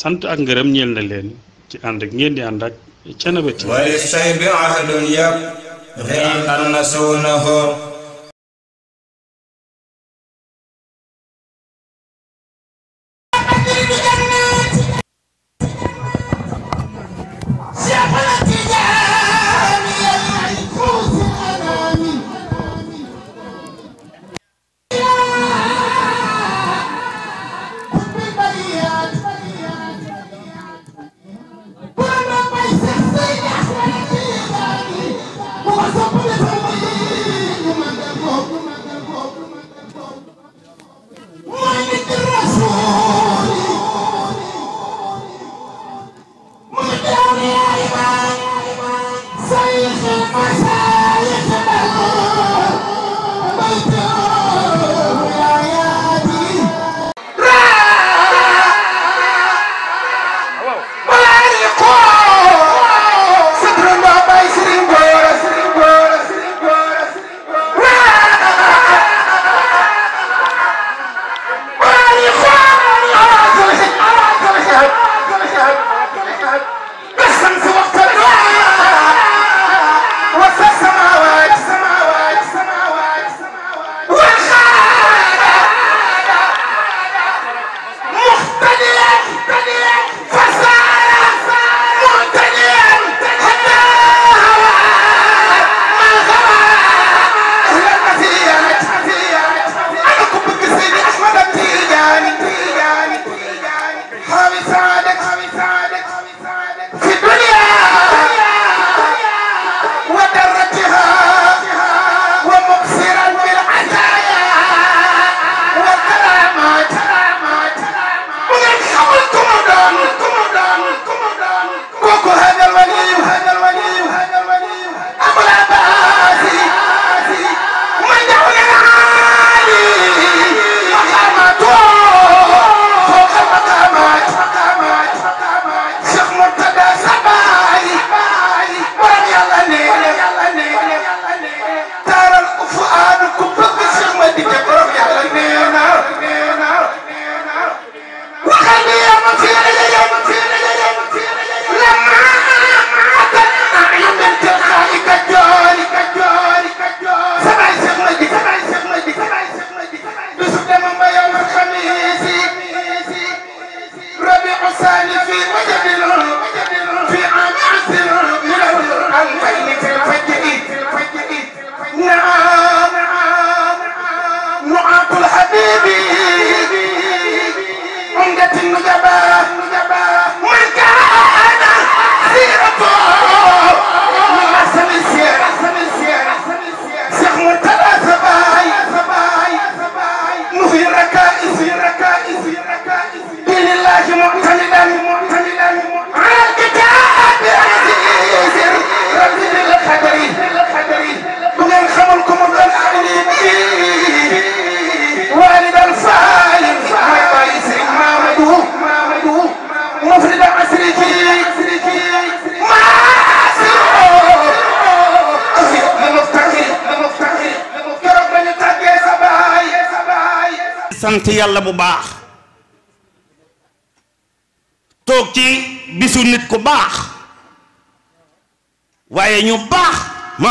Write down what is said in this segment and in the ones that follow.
sant ak ngërëm ñeel na leen ci ànd ak ngeen di ànd ak Thiénaba TV wali say bi ahadun yàpp ri an annasuunahu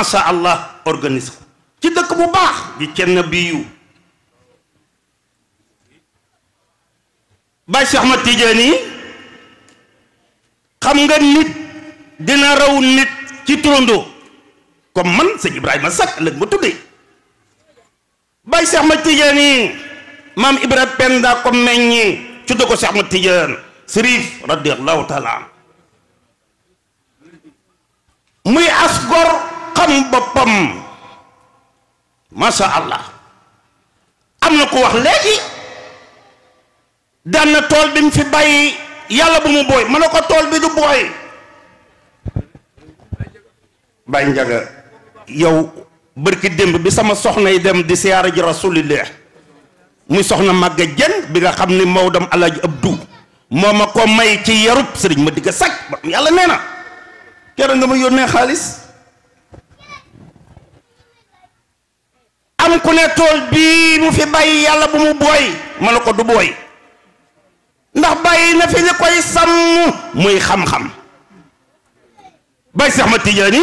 macha allah organise ko ci dëkk bu baax di kenn biyu Baay Cheikh Ahmad Tidiane yi xam nga nit dina raw nit ci turandoo comme man sëñ Ibrahima Sakk ëllëg ma tuddee Baay Cheikh Ahmad Tidiane yi maam Ibrahima Penda ko meññi ci dëkk Cheikh Ahmad Tidiane Sërif radiyallahu taala muy as xam boppam masha allah am na ko wax léegi daan tool bi mu fi bàyyi yàlla bu mu booy ma ne ko tool bi du booy bàyyi njaga yow bërki démb bi sama soxna dem di siyaara ji rasulillah muy soxna màgga jën bi nga xam ni Maodo Alaaji Abdu moo ma ko may ci yarub sëriñ ma digg saj yàlla nee na keroog nga ma yónnee xaalis am ku ne tool bii mu fi bàyyi yàlla bu mu booy ma ne ko du booy ndax bàyyi na fi li koy sàmm muy xam-xam bay Seex Ahmad Tijaani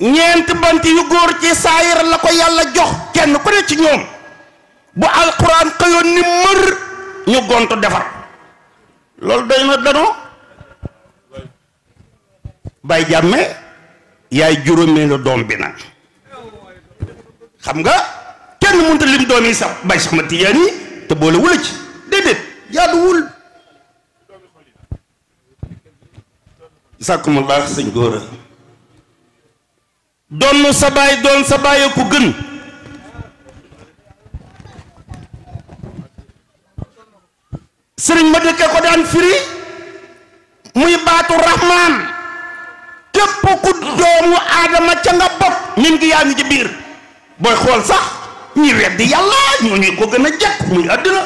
ñeent bant yu góor ci saayir la ko yàlla jox kenn ku ne ci ñoom bu alquran xëyoon ni mër ñu gontu defar loolu doy na danoo bay jàmme yaay juróomeelu doom bi nag xam nga kenn mënta lim doom yi sax bay sax ma tijaan yi te boole wula ci déedéet jaaduwul sàkkumullah sëñ góora doon sa baay doon sa baay ku gën sëriñ ma dëkke ko daan firi muy baatu rahmaan képp ku doomu aadama ca nga bokk min ngi yaa ngi ci biir booy xool sax ñi weddi yàlla ñoo ñu ko gën a jekk muy àddina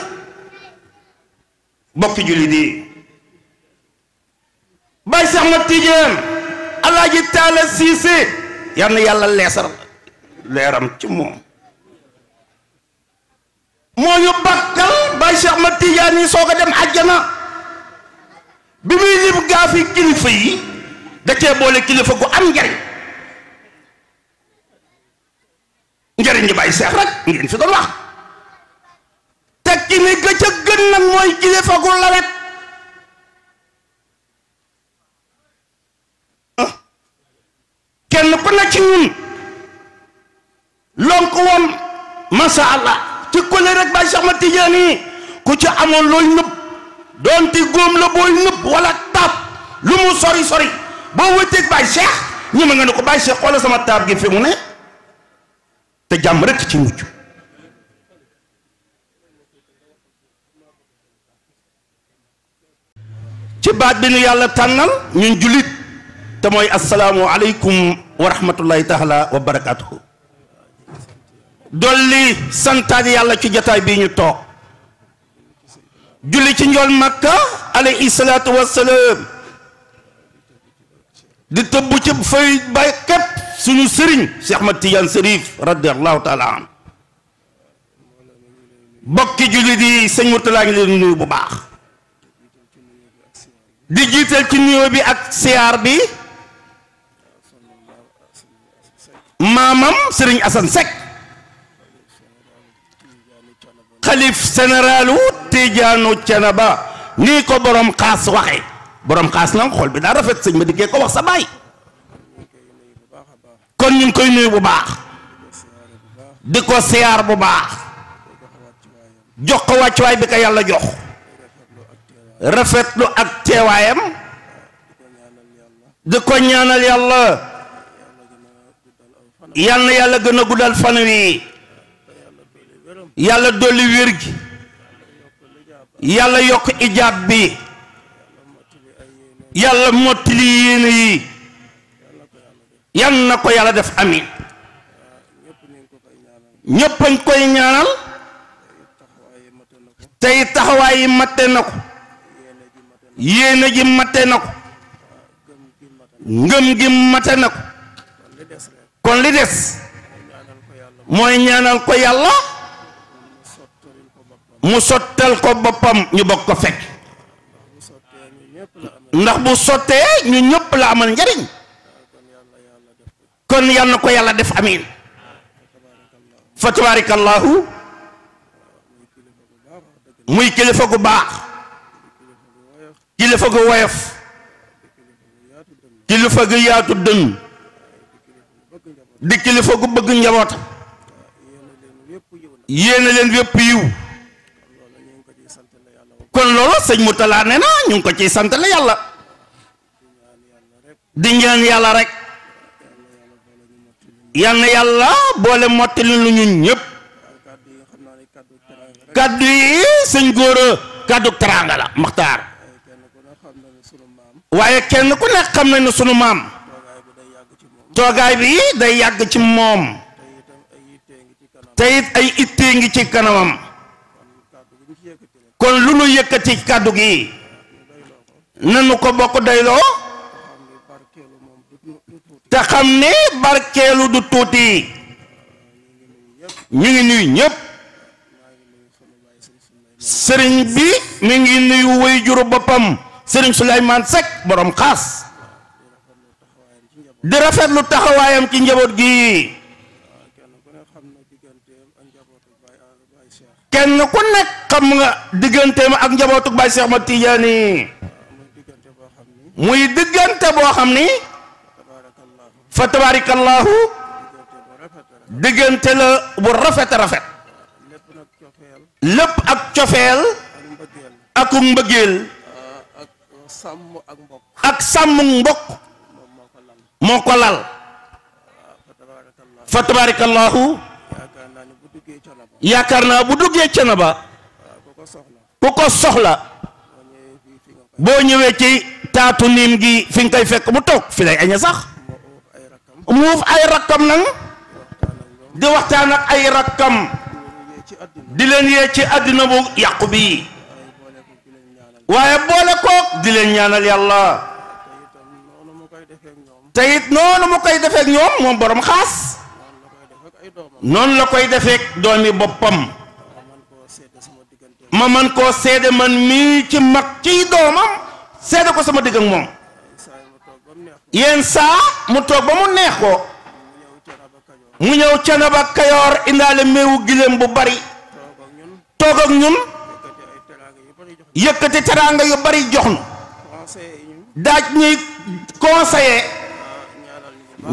bokki julli di bàyyi sax ma tijaan alaaji taala siise yal yàlla leesar leeram ci moom moo ñu bàkkal bàyyi sax ma tijaan yi soog a dem àjjana bi muy lim gaa kilifa yi da boole kilifa gu am njariñ njëriñ li bàyyi seex rek ngeen fi doon wax teg ci ni ga ca gën nag mooy kilifa gu lawet ah. kenn ku na ci ñun lonk woon masha Allah ci kole rek bàyyi seex ma tijaan yi ku ci amoon looy nëbb doon ti góom la booy nëbb wala taab lu mu sori sori boo wëtteeg bàyyi seex ñi ma nga ne ko bàyyi seex xoola sama taab gi fi mu ne te jàmm rekk ci baat bi nu yàlla tànnal ñun jullit te mooy asalaamu aleykum wa taala wa barakaatuhu dolli santaat yàlla ci jotaay bii ñu toog julli ci njool makka alayhi salaatu wassalaam di tëbb ci fay bay képp suñu sëriñ Cheikh Ahmad Tidiane Sërif radiallahu taala an bokki jullit yi sëñ Murtala leen nuyu bu baax di jiital ci nuyoo bi ak siyaar bi maamam sëriñ Assane Seck xalif généralu Tijaanu Canaba nii ko borom xaas waxe borom xaas nag xol bi daa rafet sëñ ma diggee ko wax sa baay kon ñu koy nuyu bu baax di ko siyaar bu baax jox ko wàccuwaay bi ko yàlla jox rafetlu ak teewaayam di ko ñaanal yàlla yàlla gën a guddal fan wi yàlla dolli wér gi yàlla yokk ijaab bi yàlla mottili yéene yi yan na ko yàlla def amin ñëpp koy ñaanal tey taxawaay yi matte na ko yéene ji matte na ko ngëm gi matte na ko kon li des mooy ñaanal ko yàlla mu sottal ko boppam ñu bokk ko fekk ndax bu sottee ñu ñëpp la amal njariñ kon yal na ko yàlla def amin fa tabarakallahu muy kilifa gu baax kilifa gu woyof kilifa gu yaatu dënn di kilifa gu bëgg njabootam yéena leen yépp yiw kon loolu sëñ Moutalla nee na ñu ngi ko ciy sant la yàlla di ñaan yàlla rek yal na yàlla boole mottali lu ñu ñëpp kaddu yi sëñ góora kaddu teraanga la maxtaar waaye kenn ku nekk xam na ne sunu maam toogaay bi day yàgg ci moom te it ay ittee ngi ci kanamam kon lu nu yëkkati kaddu gi nanu ko bokk doyloo te xam ne barkeelu du tuuti ñu ngi nuyu ñëpp sëriñ bi mi ngi nuyu way juru boppam sëriñ Souleymane Seck borom xaas di rafetlu taxawaayam ci njaboot gi kenn ku nekk xam nga digganteem ak njabootu Baay Seex ma Tijaani muy diggante boo xam ni fa tabarakallahu diggante la bu rafet rafet lépp ak cofeel ak mbëggeel ak sàmm mbokk moo ko lal fa tabarakallahu yaakaar naa bu duggee Thiénaba ku ko soxla boo ñëwee ci taatu niim gi fi nga koy fekk mu toog fi lay aña sax mu wuuf ay rakkam nag di waxtaan ak ay rakkam di leen yee ci àddina bu yàqu bii waaye boole kook di leen ñaanal yàlla te it noonu mu koy defeek ñoom moom borom xaas noonu la koy defeek doomi boppam ma man koo seede man mii ci mag ciy doomam seede ko sama digg ak moom yenn saa mu toog ba mu neex ko mu ñëw Canaba Kayoor indaale méewu gileem bu bari toog ak ñun yëkkati teraanga yu bari jox nu daaj ñuy conseiller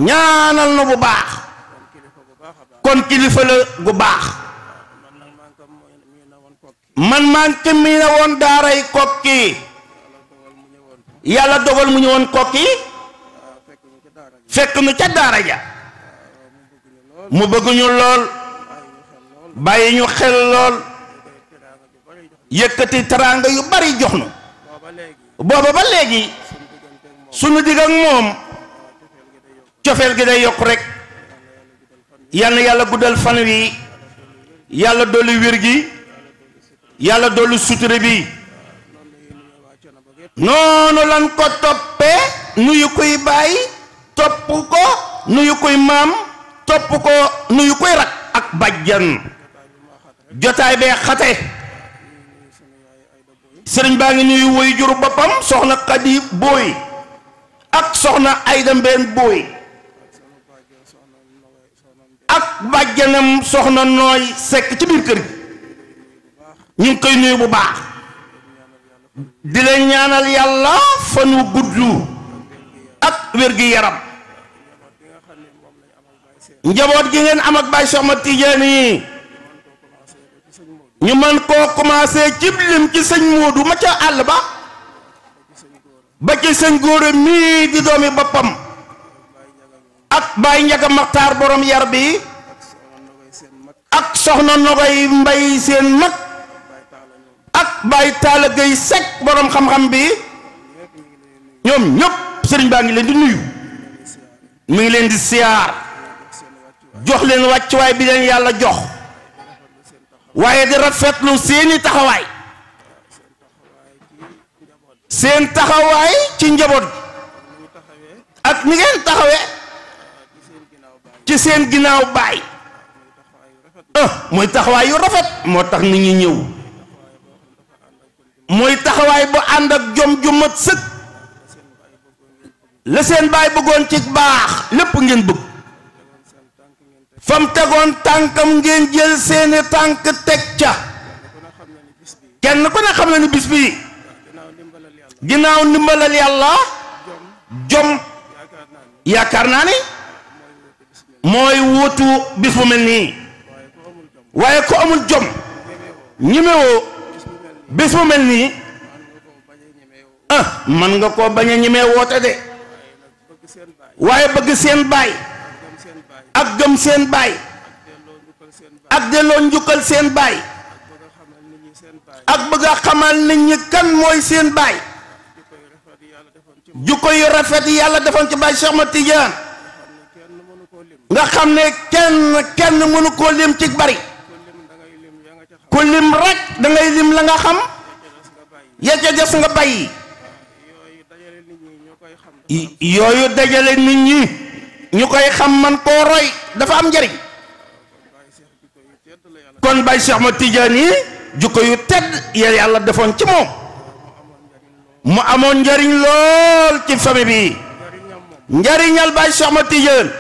ñaanal nu bu baax kon kilifa la gu baax man man ki mi na woon daaray kokki yàlla dogal mu ñëwoon kokki fekk nu ca daara ja mu bëgguñu lool bàyyi ñu xel lool yëkkati taraanga yu bari jox nu booba ba léegi sunu digg ak moom cofeel gi day yokk rek yal yàlla guddal fan wi yàlla dolli wér gi yàlla dolli suture bi noonu lan ko toppee nuyu koy bàyyi topp ko nuyu koy maam topp ko nuyu koy rak ak bàjjan jotaay bee xate sëriñ baa ngi nuyu woy juru boppam soxna xadi booy ak soxna ayda mbeen booy ak bàjjanam soxna nooy sekk ci biir kër gi ñu ngi koy nuyu bu baax di leen ñaanal yàlla fan wu gudd ak wér gi yaram njaboot gi ngeen am ak Baye Cheikh Ahmad Tidiane yi ñu mën koo commencé ci lim ci sëñ Moodu ma ca àll ba ba ci sëñ góora mii di doomi boppam ak Baye Njaga Maxtaar borom yar ak soxna Nogay Mbay seen mag ak Baye Sekk borom xam-xam bi ñoom ñëpp sëriñ baa ngi leen di nuyu mu ngi leen di siyaar jox leen wàccuwaay bi leen yàlla jox waaye di rafetlu seeni taxawaay seen taxawaay ci njaboot ak ni ngeen taxawee ci seen ginnaaw baay ah mooy taxawaay yu rafet moo tax nit ñi ñëw mooy taxawaay bu ànd ak jom ju mat sëkk la seen baay bëggoon ci baax lépp ngeen bëgg fam tegoon tànkam ngeen jël seeni tànk teg ca kenn ku ne xam na ni bis bi ginnaaw ndimbalal yàlla jom yaakaar naa ni mooy wuutu bis bu mel nii waaye ku amul jom ñemewoo bis bu mel nii ah, man nga koo bañ a ñemee woote de waaye bëgg seen baay ak gëm seen baay ak delloo njukkal seen baay ak bëgg a xamal nit ñi kan mooy seen baay jukko yu rafet yi yàlla defoon ci baay Cheikh Ahmad Tidiane nga xam ne kenn kenn mënu koo lim ci bari ku lim rek da ngay lim la nga xam ya ca des nga bàyyi yooyu dajale nit ñi ñu koy xam man koo roy dafa am njariñ kon Baye Cheikh ma Tidiane yi jukko yu tedd yéen yàlla defoon ci moom mu amoon njariñ lool ci famille bi njariñal Baye Cheikh Ahmad Tidiane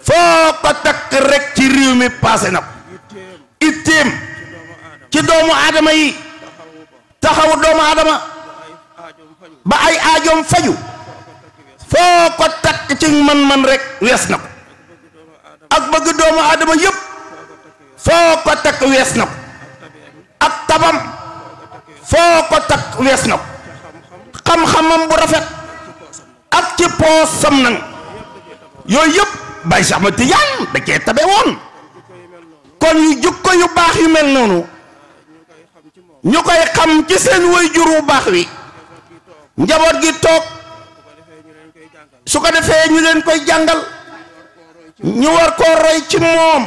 foo ko takk rek ci réew mi passé na ko itteem ci doomu aadama yi taxawu doomu aadama ba ay aajoom faju foo ko takk ci man-man rek wees na ko ak bëgg doomu aadama yëpp foo ko takk wees na ko ak tabam foo ko takk wees na ko xam-xamam bu rafet ak ci poosam nang yooyu yëpp Baye Cheikh Ahmed Tidiane da cee tabe woon kon yu jukko yu baax yu mel noonu ñu koy xam ci seen way jur wu baax wi njaboot gi toog su ko defee ñu leen koy jàngal ñu war koo roy ci moom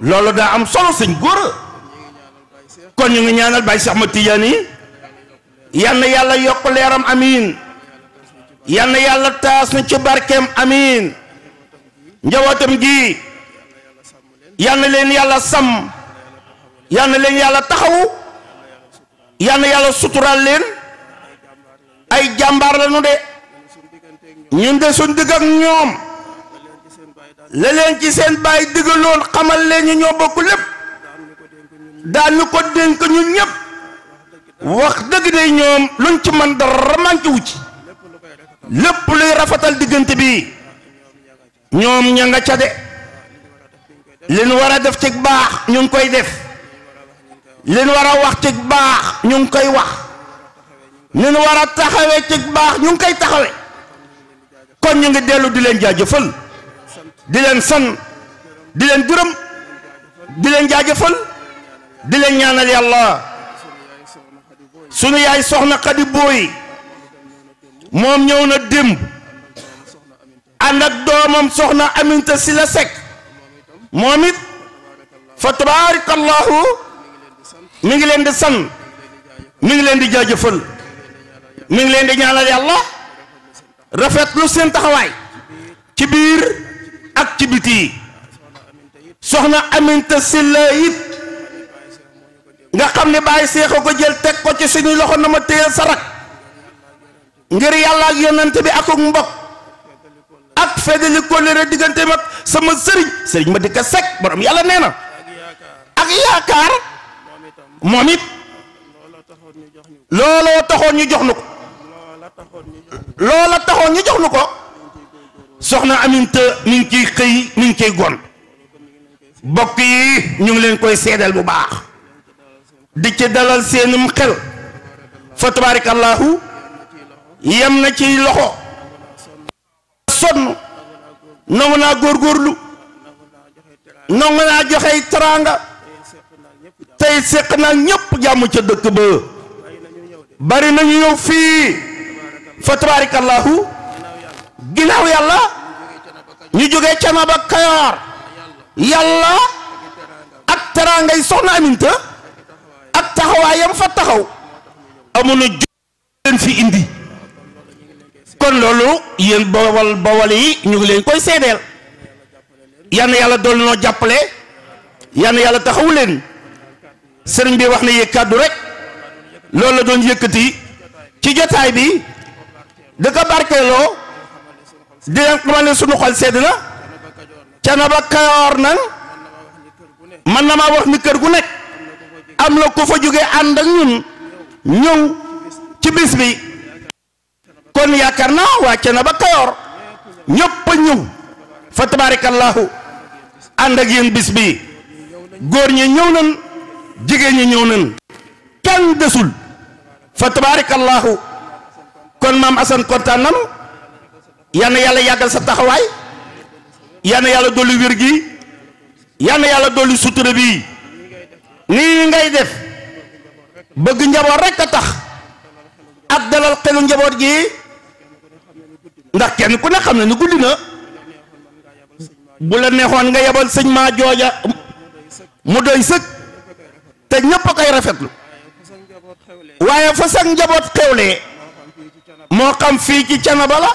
loolu daa am solo sëñ góora kon ñu ngi ñaanal Baye Cheikh Ahmed Tidiane yi yal yàlla yokk leeram amiin yal yàlla taas na ci barkeem amiin njabootam gi yal leen yàlla sàmm yal na leen yàlla taxawu yal yàlla suturaal leen ay jàmbaar la de ñun de suñ dëgg ak ñoom la leen ci seen bàyyi digaloon xamal leen ñu ñoo bokk lépp daan ñu ko dénk ñun ñëpp wax dëgg de ñoom luñ ci man dara manqué wu ci lépp luy rafetal diggante bi ñoom ña nga ca de leen war a def ci baax ñu ngi koy def leen war a wax ci baax ñu ngi koy wax leen war a taxawee ci baax ñu ngi koy taxawee kon ñu ngi dellu di leen jaajëfal di leen san di leen gërëm di leen jaajëfal di leen ñaanal yàlla sunu yaay soxna Xadi Booy moom ñëw na démb ànd ak doomam soxna Aminta si la Seck moom it fa tabaarakallahu mu ngi leen di san mu ngi leen di jaajëfal mi ngi leen di ñaanal yàlla rafetlu seen taxawaay ci biir ak ci biti soxna Aminta Sylla it nga xam ne bàyyi seexa ko jël teg ko ci suñuy loxo na ma téyel sarak ngir yàlla ak yonante bi akuk mbokk ak feddali kóllëre diggante mag sama sëriñ sëriñ ma dikka ko sec borom yàlla nee na ak yaakaar moom it looloo taxoon ñu jox nu ko loola taxoon ñu jox nu ko soxna Aminta mi ngi ciy xëy mi ngi ciy gon bokk yi ñu ngi leen koy seedal bu baax di ci dalal seenum xel fa tabarakallahu yem na ci loxo sonn nangu naa góorgóorlu nangu naa joxe teraanga tey seq naa ñëpp jàmm ca dëkk ba bari nañu yow fii fa tabarakallahu ginnaaw yàlla ñu jógee cana ba kayoor yàlla ak teraangay soxna aminta ak taxawaayam fa taxaw amoon a leen fi indi kon loolu yéen bawal bawal yi ñu ngi leen koy seedeel yal yàlla dool noo jàppale yal yàlla taxawu leen sëriñ bi wax na yëg kàddu rek loolu la doon yëkkati ci jotaay bi da ko barkeeloo di leen xamal ne sunu xol sedd na ca na ba kayoor nag man na maa wax ni kër gu nekk am na ku fa jógee ànd ak ñun ñëw ci bis bi kon yaakaar na waa na ba kayoor ñëpp a ñëw fa tabarakallahu ànd ak yéen bis bi góor ñi ñëw na jigéen ñi ñëw nan kenn desul fa tabarakallahu kon maam Assane kontaan nanu yal na yàlla yàggal sa taxawaay yal yàlla dolli wér gi yal yàlla dolli sutura bi nii ngay def bëgg njaboot rek a tax ak dalal xelu njaboot gi ndax kenn ku ne xam ne ni guddi na bu la neexoon nga yebal sëñ maa jooja mu doy sëg te ñépp a koy rafetlu waaye fa sax njaboot xewlee moo xam fii ci canaba la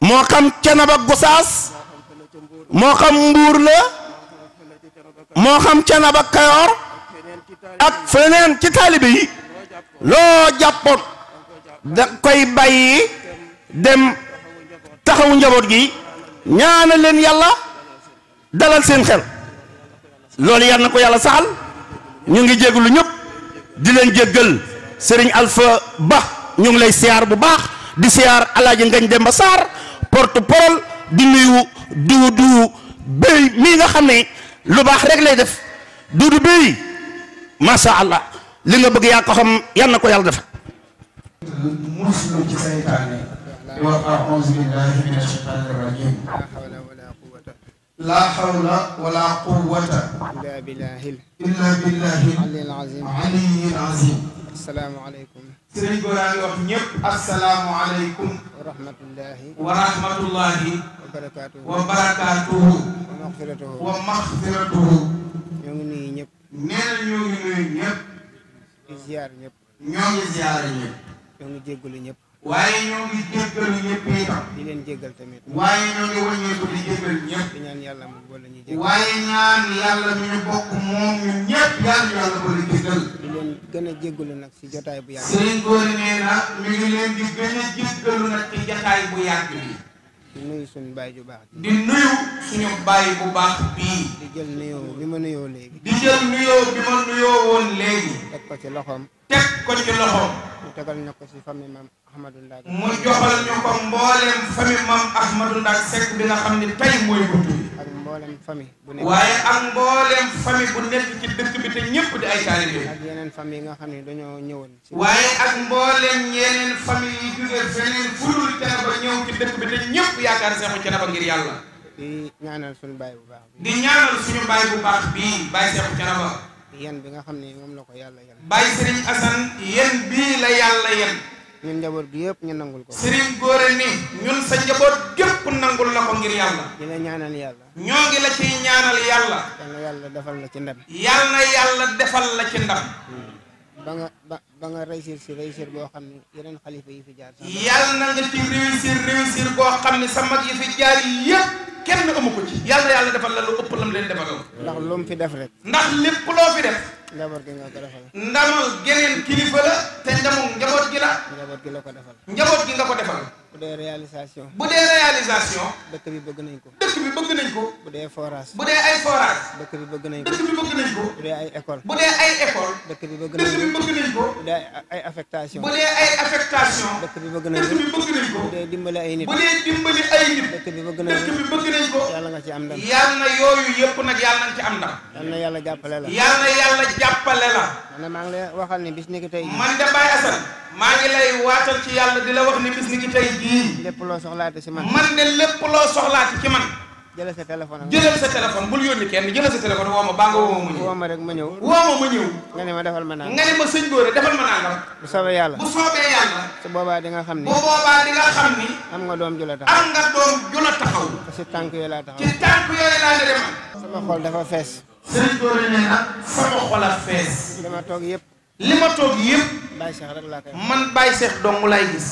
moo xam canaba gosaas moo xam mbuur la moo xam canaba kayoor ak feneen ci taalibe yi loo jàppoon da koy bàyyi dem taxawu njaboot gi ñaana leen yàlla dalal seen xel loolu yàlla na ko yàlla saxal ñu ngi jéggalu ñëpp di leen jéggal sëriñ Alpha Ba ñu ngi lay siyaar bu baax di siyaar alaaji ngañ demba saar porte parole di nuyu duwu duwu béy mii nga xam ne lu baax rek lay def duudu béy macha allah li nga bëgg yaa xam yan na ko yàlla def muslu ci saytaane di wax aouzu billahi min sëriñ Gora ngi wax ñëpp asalaamualeykum. wa rahmatullahi. wa rahmatullahi. wa barakaatuhu. wa barakaatuhu. wa maxfiratuhu. wa maxfiratuhu. ñoo ngi nuyu ñëpp. nee na ñëpp. waaye ñoo ngi jéggalu ñëpp itam. di leen jéggal tamit. waaye ñoo ngi wàññeeku di jéggal ñëpp. ñaan yàlla mu boole ñu waaye ñaan yàlla mi ñu bokk moom ñun ñëpp yàlla yàlla boole jéggal. di leen gën a jéggalu nag ci jotaay bu yàgg. Serigne di nuyu suñu baay bu baax. di nuyu suñu baay bu baax bii. di jël nuyoo bi ma nuyoo léegi. di jël nuyoo bi ma nuyoo woon léegi. teg ko ci loxoom. teg ko ci loxoom. mu tegal ñu ko ci famille maam mu joxal ñu ko mboolem famille mam Ahmadou Ndack bi nga xam ne tey mooy bu nekk waaye ak mboolem famille bu nekk ci dëkk bi te ñëpp di ay taalibe. ak yeneen famille yi nga xam ne dañoo ñëwoon. waaye ak mboolem yeneen famille ñëw ci dëkk bi te ñëpp yaakaar Seexu Thiénaba ngir yàlla. di ñaanal suñu baay bu baax. bii baay Seexu Thiénaba. yan bi nga xam ne moom la ko yàlla yan. baay Serigne Assane yan bii la yàlla yan. ñun njaboot gi yëpp ñu nangul ko sëriñ góore ni ñun sa njaboot gépp nangul la ko ngir yàlla di ngi la ciy ñaanal yàlla yàlla defal la ci ndam yal na yàlla defal la ci ndam hmm. ba nga si réussir boo xam ne xalifa yi fi jaar yal na ci réussir réussir xam ne sa mag yi fi jaar yëpp kenn amu ko ci yal yàlla defal la lu ëpp lam leen defal ndax lu fi def rek ndax lépp loo fi def njaboot gi nga ko defal. ndamal la gi la. ko defal. njaboot gi nga ko defal. bu dee réalisation. dëkk bi bëgg nañ ko. dëkk bi bu dee ay forage. bi bëgg nañ ko. dëkk bu dee ay école. bu dee ay école. dëkk bi bëgg nañ dëkk bi bëgg nañ bu dee ay affectation. bu dee ay affectation. bu dee dimbali ay nit bu dee dimbali ay nit dëkk bi bëgg nañ dëkk bi bëgg nañ ko yàlla nga ci am ndam yàlla na yooyu yëpp nag yàlla nañ ci am ndam yàlla na yàlla jàppale la yàlla na yàlla jàppale la man de maa ngi lay waxal ni bis ni ki tey man de Baye Assane maa ngi lay waatal ci yàlla di la wax ni bis ni ki tey jii lépp loo soxlaati ci man man de lépp loo soxlaati ci man jëlal sa téléphone am jëlal sa kenn jëlal sa téléphone woo ma baa nga woo ma ñëw woo ma ma ñëw woo ma ñëw nga ne ma defal ma naan nga ne ma sëñ defal ma naan bu soobee yàlla bu soobee yàlla su boobaa di xam ni bu boobaa di xam ni am nga doom ju la taxaw nga doom tànk yooyu laa taxaw ci tànk yooyu laa nga dem sama xol dafa fees sëñ góore nee sama xol a fees dama toog yëpp li ma toog yëpp. Baye Cheikh rek laa koy man Baye Cheikh dong laay gis.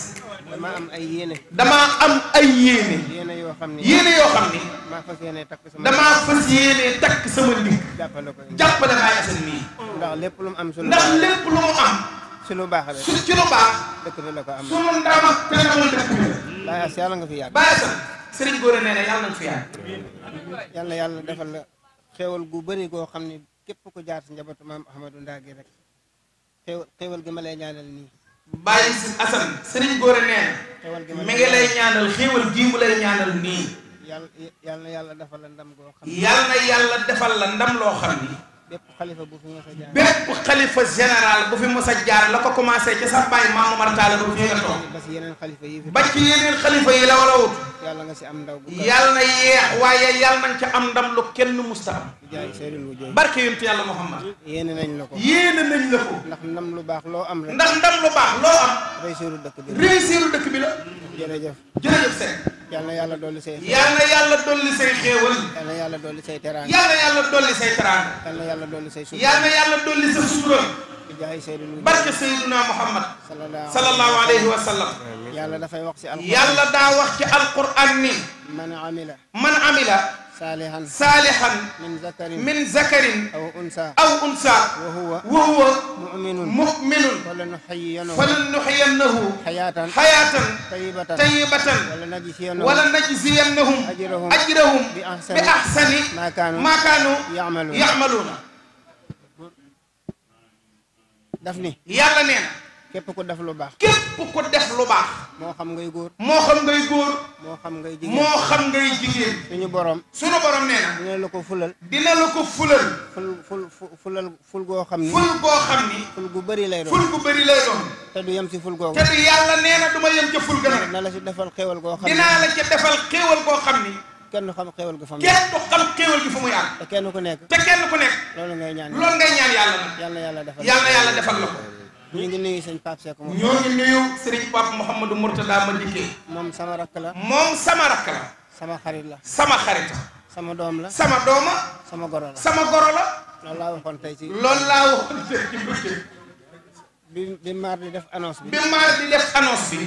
damaa am ay yéene. damaa am ay yéene. yéene yoo xam ne yéene yoo xam ne. damaa fas yéene takk sama damaa fas yéene takk sama ndig. jàppale ko jàppale Baye Assane mii. ndax lépp lu mu am solo. ndax lépp lu mu am. ci lu baax rek ci lu baax. dëkk bi la ko am sunu ndaama te dama dëkk bi. Baye Assane yàlla nga fi yàgg. Baye Assane Serigne Gora nee na yàlla nga fi yàgg. yàlla yàlla defal la xéwal gu bëri goo xam ne képp ku jaar si njabootu maam Ahmadou Ndaa gi rek xéewal gi ma lay ñaanal nii bàyyi asan sëriñ góor a nee mi ngi lay ñaanal xéewal gii mu lay ñaanal nii yàlla na yàlla defal la ndam loo xam nii bépp xalifa bu fi mos a jaar bu fi mos a jaar la ko commencé ci sa bàyyi maam Omar Talla ba fi nga toog. ba ci yeneen xalifa yi ba ci yeneen yi la wala wut. yàlla nga si am ndaw bu yàlla na yeex waaye yàlla nañ ci am ndam lu kenn musta am. jaay seerul wu jooy barke yonent yàlla Muhammad. yéene nañ la ko yéene nañ la ko. ndax ndam lu baax loo am rek. ndax ndam lu baax loo am. réussiru dëkk bi la réussiru yal na yàlla dolli say yal na yàlla dolli say xéewal yal na yàlla dolli say teraanga yal na yàlla dolli say teraanga yal na yàlla dolli say sutura yal na yàlla dolli sa sutura di jaay Seydina barke Seydina Muhammad sallallahu alayhi wa sallam yàlla dafay wax ci alquran yàlla daa wax ci alquran ni man amila man amila saalihan saalihan min zakarin min zakarin aw unsa aw unsa wa huwa wa huwa muminun muminun falanuhyiyannahu falanuhyiyannahu hayatan hayatan tayyibatan tayyibatan walanajziyannahum walanajziyannahum ajrahum ajrahum bi ahsani bi ahsani ma kanu ma kanu ya'maluna ya'maluna daf ni yàlla nee na képp ku def lu baax. képp ku def lu moo xam ngay góor. moo xam ngay moo xam ngay jigéen moo suñu borom. suñu borom nee na. dina la ko fulal. dina la ko fulal. ful ful ful goo xam ni. ful goo xam gu bëri lay doon. ful gu te du yem ci ful googu. te du yàlla nee du ma yem ca ful gën a. dina la ci defal xéewal goo xam ni. dinaa la ca defal kenn xam xéewal gi fa mu kenn xam xéewal gi fa muy te kenn ku nekk. te kenn ku nekk. loolu ngay ñaan yàlla loolu yàlla. yàlla defal la ko. ñu ngi nuyu sëñ Pape Seck moom. ñoo ngi nuyu sëriñ Pape Mouhamadou Mourtada Madické. moom sama rakk la. moom sama rakk la. sama xarit la. sama xarit la. sama doom la. sama dooma. sama goro la. sama goro la. loolu laa waxoon tey si loolu laa waxoon tey ci mbégte. bi bi maar di def annonce bi. bi maar di def annonce bi.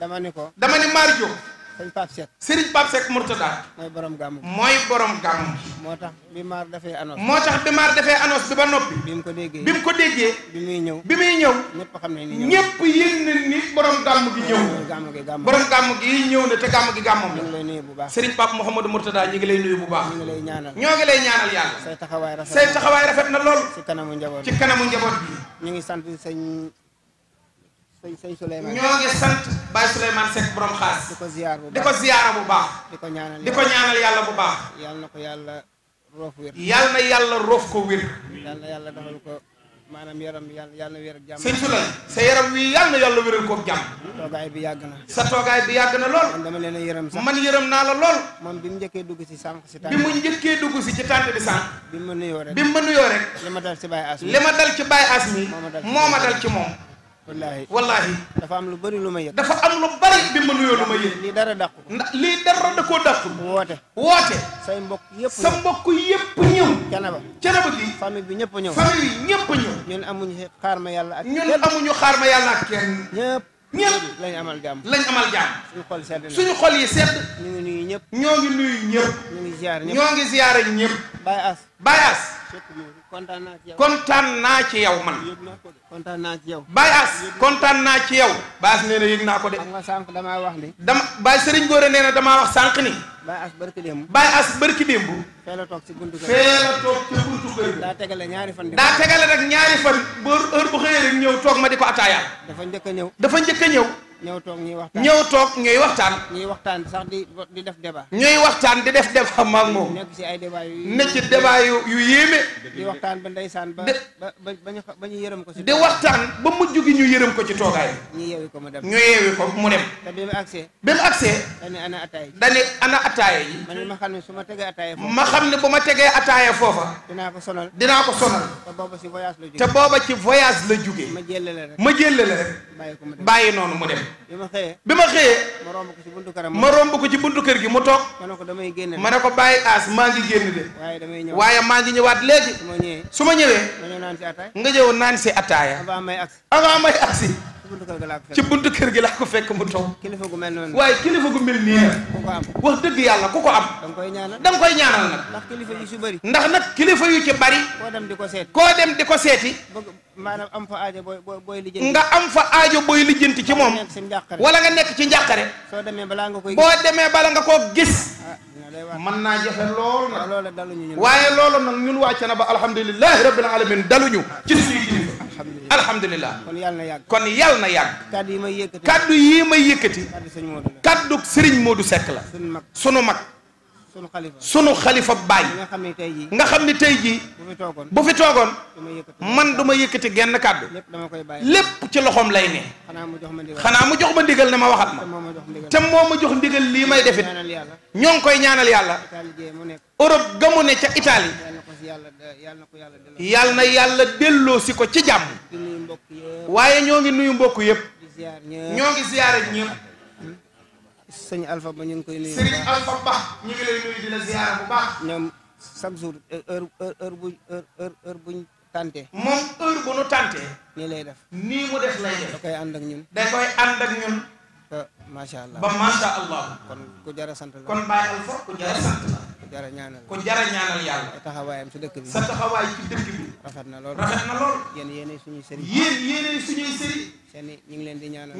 dama ni ko. dama ni maar jóg. sëriñ Pape Seck sëriñ Pape Seck Murtada mooy borom gàmm mooy borom gàmm moo tax bi maar dafee annonce moo tax bi maar dafee annonce bi ba noppi bi mu ko déggee bi mu ko ñëw bi muy ñëw ñëpp xam ne ni ñëpp yëg na ni borom gàmm gi ñëw borom gàmm gi ñëw na te gàmm gi gàmmam la ñu ngi lay nuyu bu baax sëriñ Pape Mouhamadou Murtada ñu ngi lay nuyu ñaanal ñoo ngi lay ñaanal yàlla say taxawaay rafet na lool ci kanamu njaboot ci kanamu njaboot bi ñu ngi sant sëñ ñoo ngi sant Baye Souleymane Seck borom xaas. di ko ziyaar bu baax di ko bu baax. di ko ñaanal di ko ñaanal yàlla bu baax. yàlla na ko yàlla roof wér. yàlla na yàlla roof ko wér. na yàlla defal ko maanaam yaram yàlla yàlla wér ak jàmm. sëñ Souley sa yaram wi yàlla na yàlla wéral ko jàmm. bi yàgg na. sa toogaay bi yàgg na lool. dama leen a yërëm sax man yërëm naa la lool. moom bi mu njëkkee dugg si sànq si tànk bi mu njëkkee dugg si ci tànk bi sànq. bi mu ma nuyoo rek bi mu ma nuyoo rek. li ma dal ci Baye Asmi ma dal ci Baye Asmi moo ma dal ci moom wallaahi dafa am lu bëri lu ma yëg. dafa am lu bëri bi ma nuyoo lu ma yëg. lii dara dàqu. ndax lii dara da koo dàqu. woote. woote. say mbokk yëpp sa mbokk yëpp ñëw. canaba canaba gi. famille bi ñëpp ñëw. famille yi ñëpp ñëw. ñun amuñu xaar ma yàlla ak. ñun amuñu xaar ma yàlla ak kenn. ñëpp. ñëpp lañ amal jàmm lañ amal jàmm suñu xol sedd na xol yi sedd ñu ngi nuyu ñëpp ñoo ngi nuyu ñëpp ñoo ngi ziar ñëpp Bayas. kontaan naa ci yow naa ci yow man. kontaan naa ci yow. Bayas kontaan naa ci yow. Bayas nee na yëg naa ko de. xam nga sànq damaa wax ni. dama Baye Serigne Gora nee na damaa wax sànq ni. Bayas barki démb. Bayas barki démb. fee la toog ci buntu kër fee la toog ci buntu kër. daa tegale ñaari fan. daa tegale rek ñaari fan ba heure bu xëyee rek ñëw toog ma di ko ataayaal. dafa njëkk a ñëw. dafa njëkk a ñëw. ñëw toog ñuy waxtaan ñëw toog ñuy waxtaan. ñuy waxtaan sax di di def débat. ñuy waxtaan di def débat ma ak moom. nekk ci ay débat yu yéeme nekk ci débat yu yu yéeme. di waxtaan ba ndeysaan ba ba ba ñu yërëm ko ci. di waxtaan ba mujj gi ñu yërëm ko ci toogaay. ñu yeewi ko mu dem ñu yeewi ko mu dem. te bi mu agsee. bi mu agsee. dañuy ana ataaya ji dañuy ana ma xam ne su ma tegee ataaya foofa. ma xam ne bu ma tegee ataaya foofa. dinaa ko sonal dinaa ko sonal. te booba ci voyage la jógee. te booba ci voyage la jógee. ma jëlle la rek ma jëlle la rek. bàyyi noonu mu dem bi ma xëyee bi ma xëyee ma romb ko ci buntu kër kër gi mu to ma ko damay génn ma ne ko bàyyi aas maa ngi génn de waaye damay ñëw waaye maa ngi ñëwaat léegi su ma ñëwee su ma ñëwee ma ñëw naan si ataaya nga ñëw naan si ataaya avant may agsi avant may agsi ci buntu kër gi laa ko fekk mu taw kilifa waaye kilifa gu mel nii ku ko am wax dëgg yàlla ku ko am da nga koy ñaanal da nga koy ñaanal nag ndax kilifa yu ci bëri ndax nag kilifa yu ci bëri koo ko seeti koo dem di ko seeti maanaam am fa aajo booy booy lijjanti nga am fa aajo booy lijjanti ci moom wala nga nekk ci njàqare soo balaa nga koy boo demee bala nga koo gis ah, mën naa jafe lool nag ah, loolu daluñu ñun waaye loolu nag ñun wàcce na ba alhamdulilahi rabbil alamin daluñu ci suñu kilifa alhamdulilah kon yal na yàgg kon yàlla na yàgg kaddu yi may yëkkati kaddu yi may yëkkati kaddu sëriñ Modou Seck la sunu mag sunu xalifa sunu xalifa baay. nga xam ni tey jii. nga xam ni tey jii. bu fi toogoon bu fi toogoon. man du ma yëkkati genn kàddu. lépp dama koy bàyyi lépp ci loxoom lay ne. xanaa mu jox ma ndigal xanaa mu jox ma ndigal ne ma waxat ma. te moo ma jox ndigal lii may defit ñoo ngi koy ñaanal yàlla. Europe gamu ne ca Italie. yàlla na yàlla delloo si ko ci jàmm. waaye ñoo ngi nuyu mbokk yëpp. ñoo ngi ziyaare ñëpp. sëñ Alpha Ba ñu ngi koy nuyu. Serigne Alpha Ba ñu ngi lay nuyu di la ziyaara bu ñoom chaque jour heure heure buñ tàntee. moom heure bu nu tàntee. nii lay def. nii mu def lay def. da koy ànd ñun. da koy ànd ñun. macha allah ba macha allah. kon jara sant la kon bàyyi al fort ku jara sant la. ku jara ñaanal yàlla. sa taxawaayam ci dëkk bi sa taxawaay ci dëkk na lool rafet yéen yéenay suñuy sëriñ. yéen ñu ngi leen di ñaanal.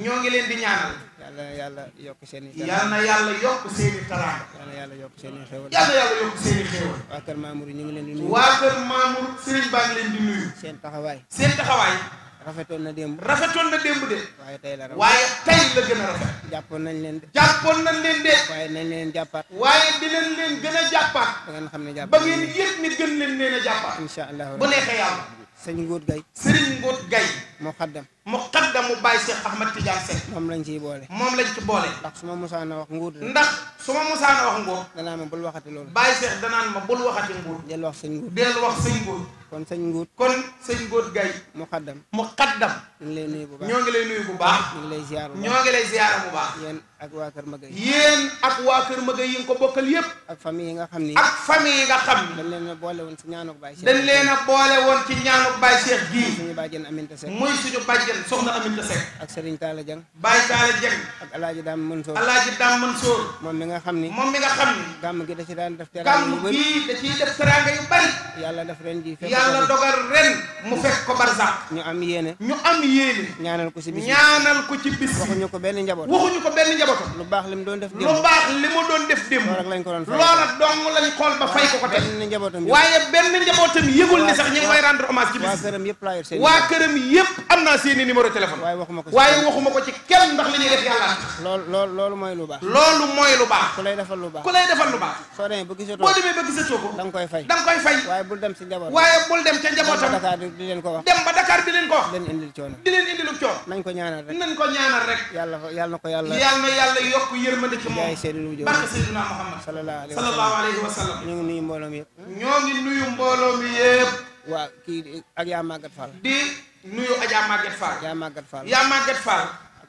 yàlla yàlla yokk seen i. yàlla na yàlla yokk seen i talaata. yàlla ñu ngi leen di nuyu. seen taxawaay rafetoon na démb de waaye tey la waaye tey la gën a nañ leen de jàppoon nañ leen de waaye nañ leen jàppaat waaye dinañ leen gën a jàppaat ba ngeen xam ne jàpp ba ngeen yëg gën leen leen a jàppaat incha allah bu neexee yàlla sëñ Ngoot Gay sëriñ Ngoot Gay moo xaddam muqaddamu Baye Cheikh Ahmad Tidiane Seck. moom lañ ciy boole. moom lañ ci boole. ndax su ma musaana wax nguur ndax su ma musaana wax nguur. danaa ma bul waxati loolu. Baye Cheikh danaan ma bul waxati nguur. del wax sëñ nguur del wax sëñ nguur. kon sëñ nguur. kon sëñ nguur gay. muqaddam muqaddam. ñu ngi lay nuyu bu baax ñoo ngi lay nuyu bu baax. ñu ngi lay ziar bu baax ñoo ngi lay ziar bu baax. yéen ak waa Kër Maguette. yéen ak waa Kër Maguette yi nga ko bokkal yépp. ak famille yi nga xam ni. ak famille yi nga xam ni. dañ leen a boole woon ci ñaanuk Baye Cheikh. dañ leen a boole woon ci ñaanuk Baye Cheikh gii. muy suñu bàjjen Diagne soxna Aminta Seck. ak Serigne Talla Dieng. Baye Talla Dieng. ak El Hadj Dame Mansour. moom mi nga xam ni. moom mi nga xam ni. gàmm gi da ci daan def yu bëri da ciy def teraanga yu bëri. yàlla def ren ji fekk yàlla dogal ren mu fekk ko barzak. ñu am yéene. ñu am yéene. ñaanal ko ci bis ko ci waxuñu ko benn njaboot waxuñu ko lu baax li doon def démb. lu baax li mu doon def démb. loolu rek lañ ko doon fay loola dong lañ xool ba fay ko ko tey. benn njabootam waaye benn njabootam yëgul ni sax ñu ngi koy rendre hommage yëpp numéro téléphone. waaye waxuma ko ci waaye waxuma ko ci kenn ndax li ñuy def yàlla lool loolu mooy lu baax. loolu mooy lu baax. ku lay defal lu baax ku lay defal lu baax. soo demee ba gisatoo boo demee ba gisatoo ko. da koy fay da nga koy waaye bul dem si njaboot waaye bul dem ca njabootam. di leen ko wax. dem ba Dakar di leen ko wax. di leen indil coono di leen indil coono. nañ ko ñaanal rek nañ ko ñaanal rek. yàlla ko yàlla. yàlla na yàlla yokk yërmande ci moom. yaay Seydina Muhammad barke Seydina Muhammad sallallahu ngi nuyu mbooloo mi yëpp. ñoo ngi nuyu mbooloo mi yëpp. ak yaa màggat Fall nuyu Adja Maguette Fall. Adja Maguette Fall. yaa Maguette Fall.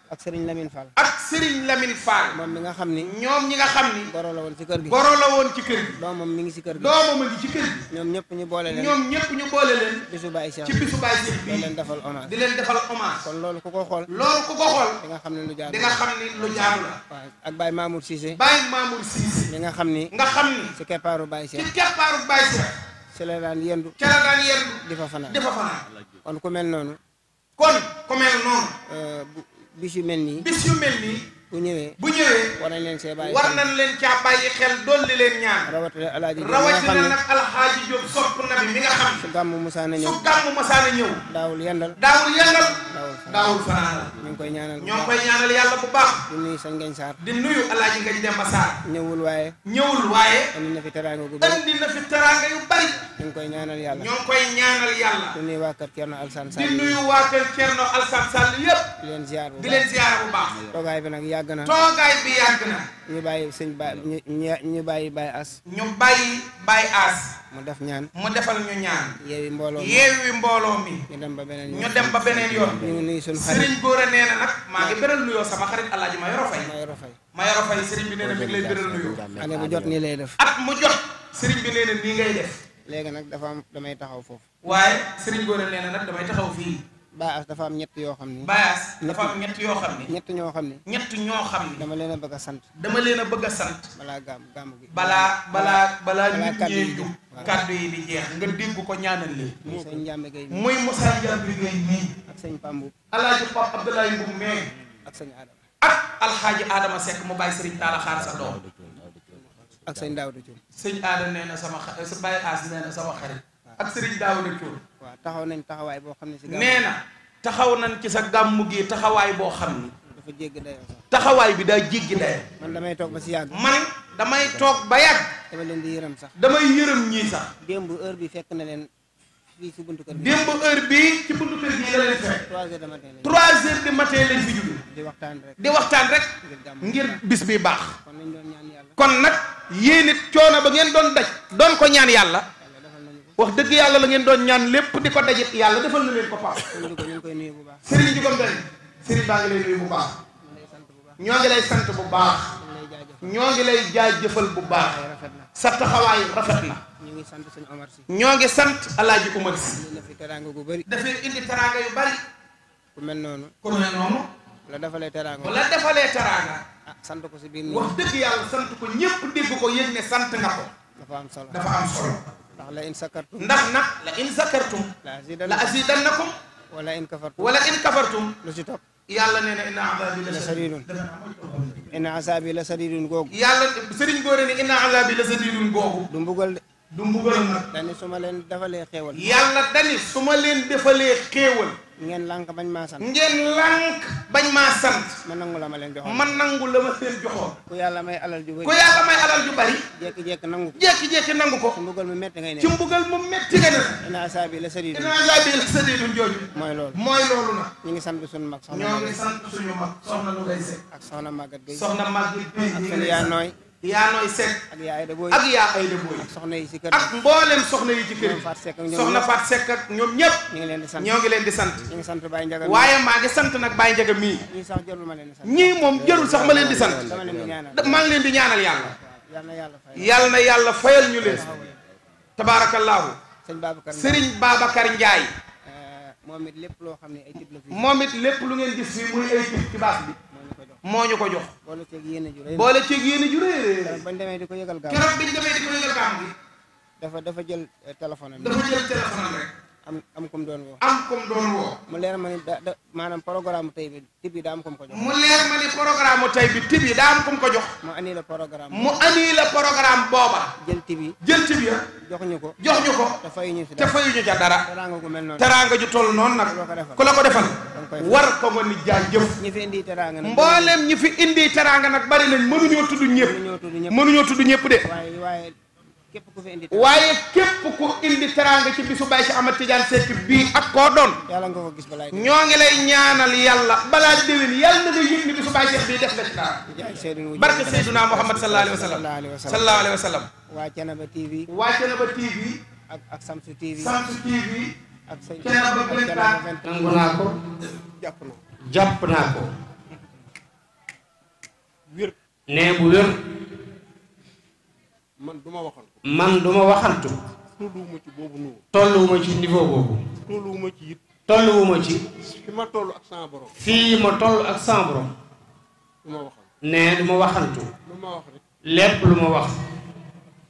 ak Serigne Lamine Fall. ak Serigne Lamine Fall. moom mi nga xam ni. ñoom ñi nga xam ni. goro la woon ci kër gi. goro la woon ci kër gi. doomam mi ngi si kër gi. doomam mi ci kër gi. ñoom ñëpp ñu boole leen. ñoom ñëpp ñu boole leen. bisu Baye Cheikh ci bisu Baye Cheikh bi. di leen defal hommage di leen defal hommage. kon loolu ku ko xool. loolu ku ko xool. di nga xam ne lu jaadu di nga xam ni lu jaadu la. ak Baye Mamour Cissé. Baye Mamour Cissé. mi nga xam ni. nga xam ni. ci ci yendu ci yendu di fa fanaan di fa fanaan kon ku mel noonu kon ku noonu euh, bis mel nii bis mel nii bu ñëwee bu ñëwee war nañ leen see bàyyi war nañ leen caa bàyyi xel dolli leen ñaan rawatina alaaji rawatina nag alxaaji Jóob sopp na bi mi nga xam su gàmmu musaana ñëw su gàmmu musaana ñëw daawul yendal daawul yendal daawul fanaan ñu ngi koy ñaanal ñoo ngi koy ñaanal yàlla bu baax di nuyu sañ ngañ saar di nuyu alaaji ngañ demba saar ñëwul waaye ñëwul waaye andi na fi teraanga gu bëri andi na fi teraanga yu bëri ñu ngi koy ñaanal yàlla ñoo ngi koy ñaanal yàlla di nuyu waa kër Cerno Alsan Sall di nuyu waa kër Cerno Alsan Sall yëpp di leen ziar bu baax yàgg na toogaay bi yàgg na ñu bàyyi sëñ ba ñu bàyyi Baye As ñu bàyyi Baye As mu def ñaan mu defal ñu ñaan yeewi mbooloo mi mbooloo mi ñu dem ba beneen yoon dem ba beneen yoon ngi nuyu suñu xarit sëriñ Gora nee nag maa ngi beral nuyoo sama xarit Alaaji Mayoro Faye Mayoro Faye Mayoro Faye sëriñ bi nee na mi ngi lay beral nuyoo année bu jot nii lay def at mu jot sëriñ bi nee nii ngay def léegi nag dafa damay taxaw foofu waaye sëriñ Gora nee nag damay taxaw fii bayaas dafa am ñett yoo xam ne bayaas dafa am ñett yoo xam ni ñett ñoo xam ne ñett ñoo xam ni dama leen a bëgg a sant dama leen bëgg a sant balaa gàmm gàmm gi balaa balaa balaa nit ñee kàddu yi di ko ñaanal leen muy sëñ Njambe Gueye muy Moussa Njambe Gueye mii ak sëñ Pambou alaaji Pap Abdoulaye Mboum mee ak sëñ Adama ak alxaaji Adama Seck mu bàyyi sëriñ Talla sa doom ak sëñ Daawda Cuun nee na sama xa waaw taxaw nañ taxawaay boo xam ne si. nee na taxaw nañ ci sa gàmm gi taxawaay boo xam ni. dafa jéggi dayoo taxawaay bi daa jéggi man damay toog ba si yàgg. man damay toog ba yàgg. dama leen di yërëm sax. damay yërëm ñii sax. démb heure bi fekk na leen. fii ci buntu kër gi démb heure bii ci buntu kër gi la leen fekk. de matin de matin lañ fi jugee. di waxtaan rek di waxtaan rek. ngir bis bi baax. kon nag yéen it coono ba ngeen doon daj. doon ko ñaan yàlla. wax dëgg yàlla la ngeen doon ñaan lépp di ko dajit yàlla defal na leen ko paas sëriñ bi kon doy sëriñ baa ngi lay nuyu bu baax ñoo ngi lay sant bu baax ñoo ngi lay jaajëfal bu baax sa taxawaay rafet na ñoo ngi sant sëñ Omar si ñoo ngi sant alaaji Omar si dafay indi teraanga yu bari ku mel noonu ku mel noonu la defalee teraanga la defalee teraanga ah, sant ko si biir wax dëgg yàlla sant ko ñépp dégg ko yëg ne sant nga ko dafa am solo dafa am solo. ndax la in sakartum. ndax nag la in sakartum. la azidannakum la azidannakum. wala in kafartum wala in kafartum. lu ci topp. yàlla nee na inna azabi la sadidun inna azabi la sadidun googu. yàlla sëriñ góore ni inna azabi la sadidun googu. du mbugal de. du mbugal nag. dani su ma leen defalee xéewal. yàlla dani su ma leen defalee xéewal. ngeen lànk bañ maa sant. ngeen lànk bañ maa sant. ma nangu la ma leen joxoon. ma nangu la ma leen joxoon. ku yàlla may alal ju bari. ku yàlla may alal ju bari. jékki-jékki nangu ko. jékki-jékki nangu ko. ci mbugal mu métti ngay ne. ci mbugal mu métti nga ne. inna asaabi la sadiidun. inna asaabi la sadiidun jooju. mooy loolu. mooy loolu nag. ñu ngi sant suñu mag. soxna ñoo ngi sant suñu mag. soxna lu ngay se. ak soxna Maguette Gueye. soxna Maguette Gueye. ak yaa nooy sekk ak yaa ay dëbooy ak yaa ay dëbooy ak soxna yi ci kër ak leen soxna yi ci kër soxna Faat Sekk ak ñoom ñëpp ñu ngi leen di sant ñoo ngi leen di sant ñu ngi sant Baye Njaga waaye maa ngi sant nag Baye Njaga mii ñii sax jarul ma leen di sant ñii moom jarul sax ma leen di sant maa ngi leen di ñaanal yàlla yàlla na yàlla fayal ñu leen tabaarakallaahu sëriñ Babacar Ndiaye eh, moom it lépp loo xam ne ay moom it lépp lu ngeen gis fii muy ay tib ci baas bi moo ñu ko jox. boole ceeg yéene ju rëy boole ceeg yéene ju bañ demee di ko yëgal gàmm keroog bi ñu demee di ko yëgal gàmm bi. dafa dafa jël eh, téléphone am. dafa jël téléphone rek. am am kum doon woo. am kum doon woo. mu leer ma ni da da maanaam programme tey bi tib yi daa am kum ko jox. mu leer ma ni programme tey bi tib yi daa am kum ko jox. mu ani la programme. mu ani jël tib jël tib ya. Ah. jox ñu ko jox ñu ko. te fayuñu ci dara te dara. teraanga gu mel noonu teraanga ju nag. ku ko defal war ko nga ni jaajëf. mboolem ñi fi indi teraanga nag bari mënuñoo tudd ñëpp. de. waaye képp ku indi teraanga ci bisu Baye Cheikh Ahmed Tidiane Seck ak koo doon. yàlla nga ko balaa ñoo ngi lay ñaanal yàlla balaa déwén yàlla na def na ci dara. barke Seyduna Muhammad sallallahu alayhi wa sallam waa Thiénaba TV. waa Thiénaba TV. ak ak Samsu TV. ak sa Thiénaba 24. nangu naa man du waxoon. man du ma waxantu. tolluwuma ci boobu niveau boobu. tolluwuma ci it. tolluwuma ci. ma toll ak sama fii ma toll ak sama borom. du ma waxantu. nee ma waxantu. lu ma wax rek. lépp lu ma wax.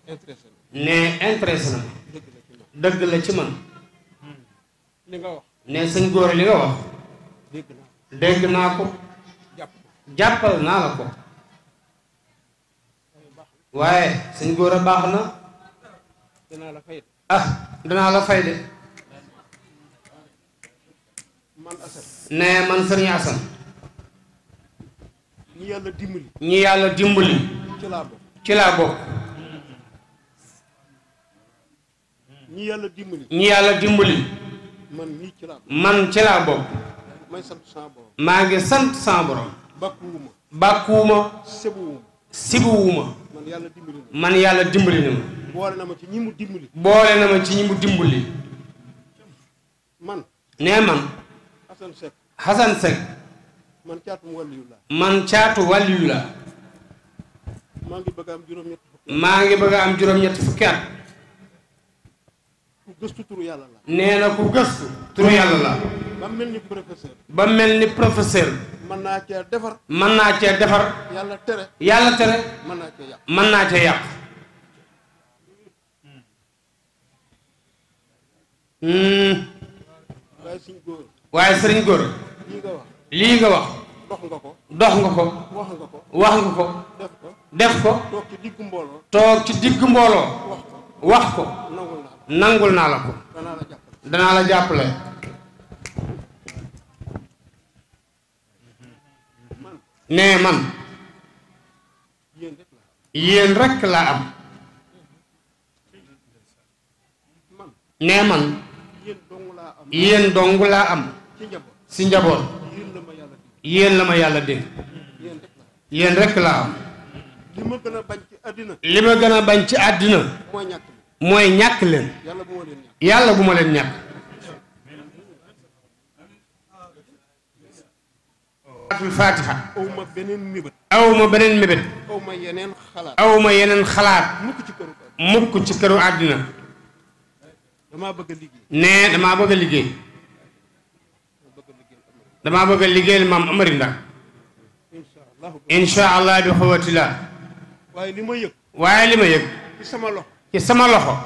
intéressé na. nee intéressé na. dëgg la ci man. li nga wax. nee sëñ góor li nga wax. dégg naa ko. jàppal naa la ko. waaye sëñ góor a baax na. danaa la fay de. ah danaa la fay de. man Assane. nee man sëriñ Assane. ñi yàlla dimbali. ñi yàlla dimbali. ci laa bokk ci laa bokk. ñi yàlla dimbali. ñi yàlla dimbali. man nii ci laa bokk. man ci laa bokk. may sant sama borom. maa ngi sant sama borom. bàkkuwuma. bàkkuwuma. sibuwuma. sibuwuma. man yàlla dimbali na ma. man yàlla dimbali na ma. boole na ma ci ñi mu dimbali. boole ci ñi dimbali. man. nee man. Xasan Seck. Xasan man caatu wàlliyu la. man caatu wàlliyu maa ngi bëgg a am juróom-ñett fukki at. ngi bëgg a am juróom-ñett fukki at. yàlla la. nee na ku gëstu. turu yàlla la. ba mel ni professeur. ba mel ni professeur. mën naa cee defar. mën naa cee defar. yàlla tere. yàlla mën naa cee yàq. mën naa cee yàq. Hmm. waaye sëriñ góor lii nga wax dox nga ko dox nga ko wax nga ko wax nga ko def ko toog ci diggu mbooloo toog mbooloo wax ko nangul naa la ko danaa la jàppale nee man yéen rekk laa am nee man yéen dong laa am si njaboot yéen la ma yàlla dénk yéen rekk laa am li ma gën a bañ ci àddina li ma gën a bañ ci àddina mooy ñàkk leen yàlla bu ma leen ñàkk atul awma beneen mébét awma beneen mébét awma yeneen xalaat mukk ci këru àddina damaa bëgg a liggéey. nee damaa bëgg a liggéey. damaa bëgg a maam Amary Ndack. allah bi xawatilaa. waaye li ma yëg. waaye li ma yëg. ci sama loxo. sama loxo.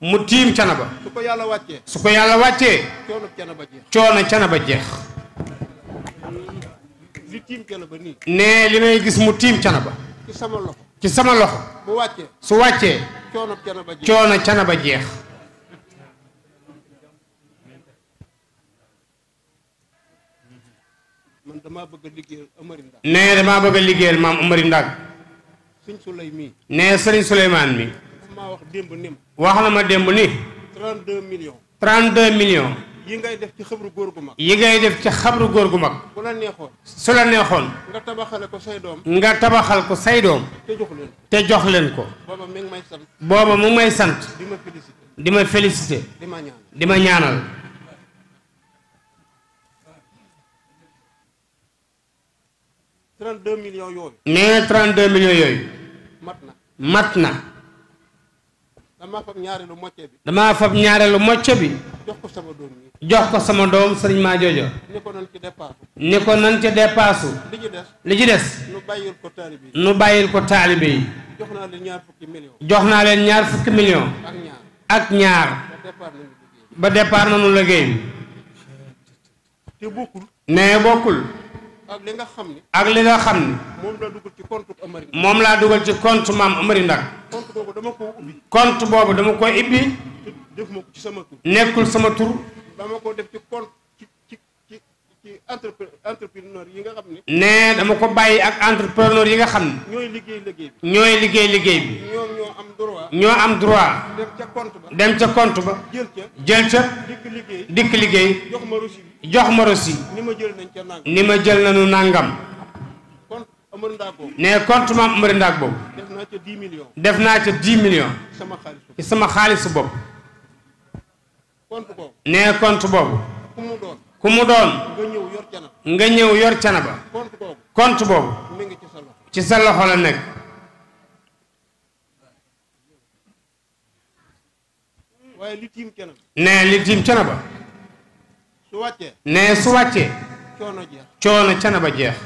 mu tiim cana ba. cana ba. su ko yàlla wàccee. su yàlla wàccee. coono cana ba jeex. coono tiim cana ba nii. nee li may gis mu tiim cana ba. ci sama loxo. ci sama loxo. bu wàccee. su wàccee. coono cana ba jeex. coono ba jeex. man damaa bëgg a liggéeyal Amari Ndag. nee damaa bëgg a liggéeyal maam Amari Ndag. sëñ Souley mii. nee sëriñ Souleymane mi. maa wax démb ni ma. wax na ma démb ni. million millions. 32 millions. yi ngay def ci xabru góor gu mag. yi ngay def ci xabru góor gu mag. su la neexoon. la neexoon. nga tabaxale ko say doom. tabaxal ko say doom. te jox leen ko. te jox leen ko. booba mi ngi may mu ngi may sant. di ma félicité. di ma ñaanal. 32 millions yooyu. nee 32 millions yooyu. mat na mat na. damaa fab ñaareelu mocce bi. damaa fab ñaareelu mocce bi. jox ko sama doom yi. jox ko sama doom sëriñ maa joojo. ni ko nan ci dépassu. ni ko nan ci dépassu. li ci des. li ci des. nu bàyyil ko taalibe yi. bàyyil ko taalibe yi. jox naa leen ñaar fukki millions. jox naa leen ñaar fukki ak ñaar ak ñaar. ba départ nañu liggéey. te nee bokkul. ak li nga xam ne ak li nga xam ne moom laa dugal ci compte Amary. moom laa dugal ci compte maam Amary Ndack. compte boobu dama ko ubbi. compte boobu dama ko ibbi. def ma ko ci sama tur. nekkul sama tur. dama ko def ci ci entrepreneur yi nga xam ni. nee dama ko bàyyi ak entrepreneur yi nga xam ni. ñooy liggéey liggéey bi. ñooy liggéey liggéey bi. ñoom ñoo am droit. ñoo am droit. dem ca compte ba. dem ca compte ba. jël ca. jël ca. dikk liggéey. jox ma reçu jox ma reçu. ni ma jël nañ ca nangam. ni ma jël nañu nàngam compte Amary Ndaak boobu. nee compte maam Amary boobu. def naa ca di million def naa ca 10 millions. sama xaalis sama xaalisu bopp. boobu. nee compte boobu. ku mu doon nga ñëw yor canaba compte boobu ci sa loxo la nekk nee li tiim canaba nee su wàccee coono canaba jeex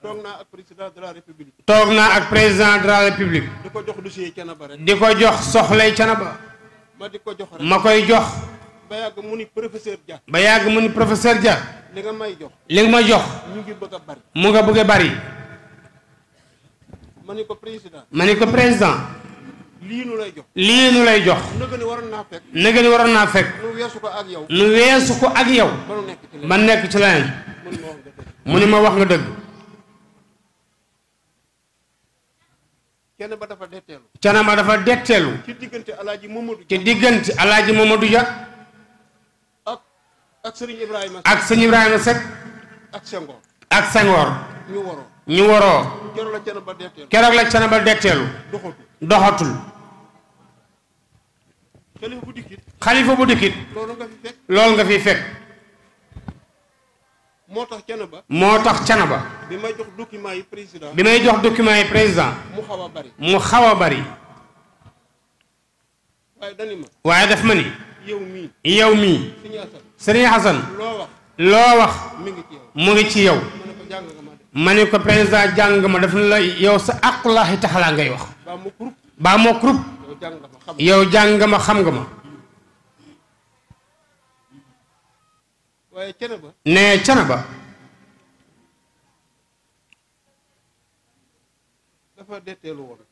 toog naa ak président de la république toog naa ak président de la république di ko jox dossier canaba rek di ko jox soxlay canaba ko jox ma koy jox ba yàgg mu ni professeur Dia. ba yàgg mu ni professeur Dia. li nga may jox. li may jox. mu ngi a bari. mu nga bëgg a bari. ma ni ko président. ko président. lii nu lay jox. lii nu lay jox. nëgë ni waroon naa fekk. waroon naa fekk. nu weesu ko ak yow. nu ko ak yow. ba nekk ci leneen. mu ni ma wax nga dëgg. kenn ba dafa detteelu. kenn ba dafa detteelu. ci diggante alaaji Mamadou. ci diggante alaaji Mamadou Dia. ak sëriñ Ibrahima ak sëriñ Ibrahima Seck. ak Senghor ak Senghor. ñu waroo ñu waroo. keroog la cana ba detteelu keroog la cana ba detteelu. doxatul doxatul. xalifa bu dikkit xalifa bu dikkit. loolu nga fi fekk loolu nga fi fekk. moo tax cana ba moo tax cana ba. bi may jox document yi président. bi may jox document yi président. mu xaw a bari mu xaw a bari. waaye dani ma. waaye daf ma ni. yow mii yow mii. sëriñ Xasan loo wax mu ngi ci yow ma ne ko président jàng ma daf la yow sa aqulaahi taxalaa ngay wax baa moo groupe yow jàng nga ma xam nga ma nee cana ba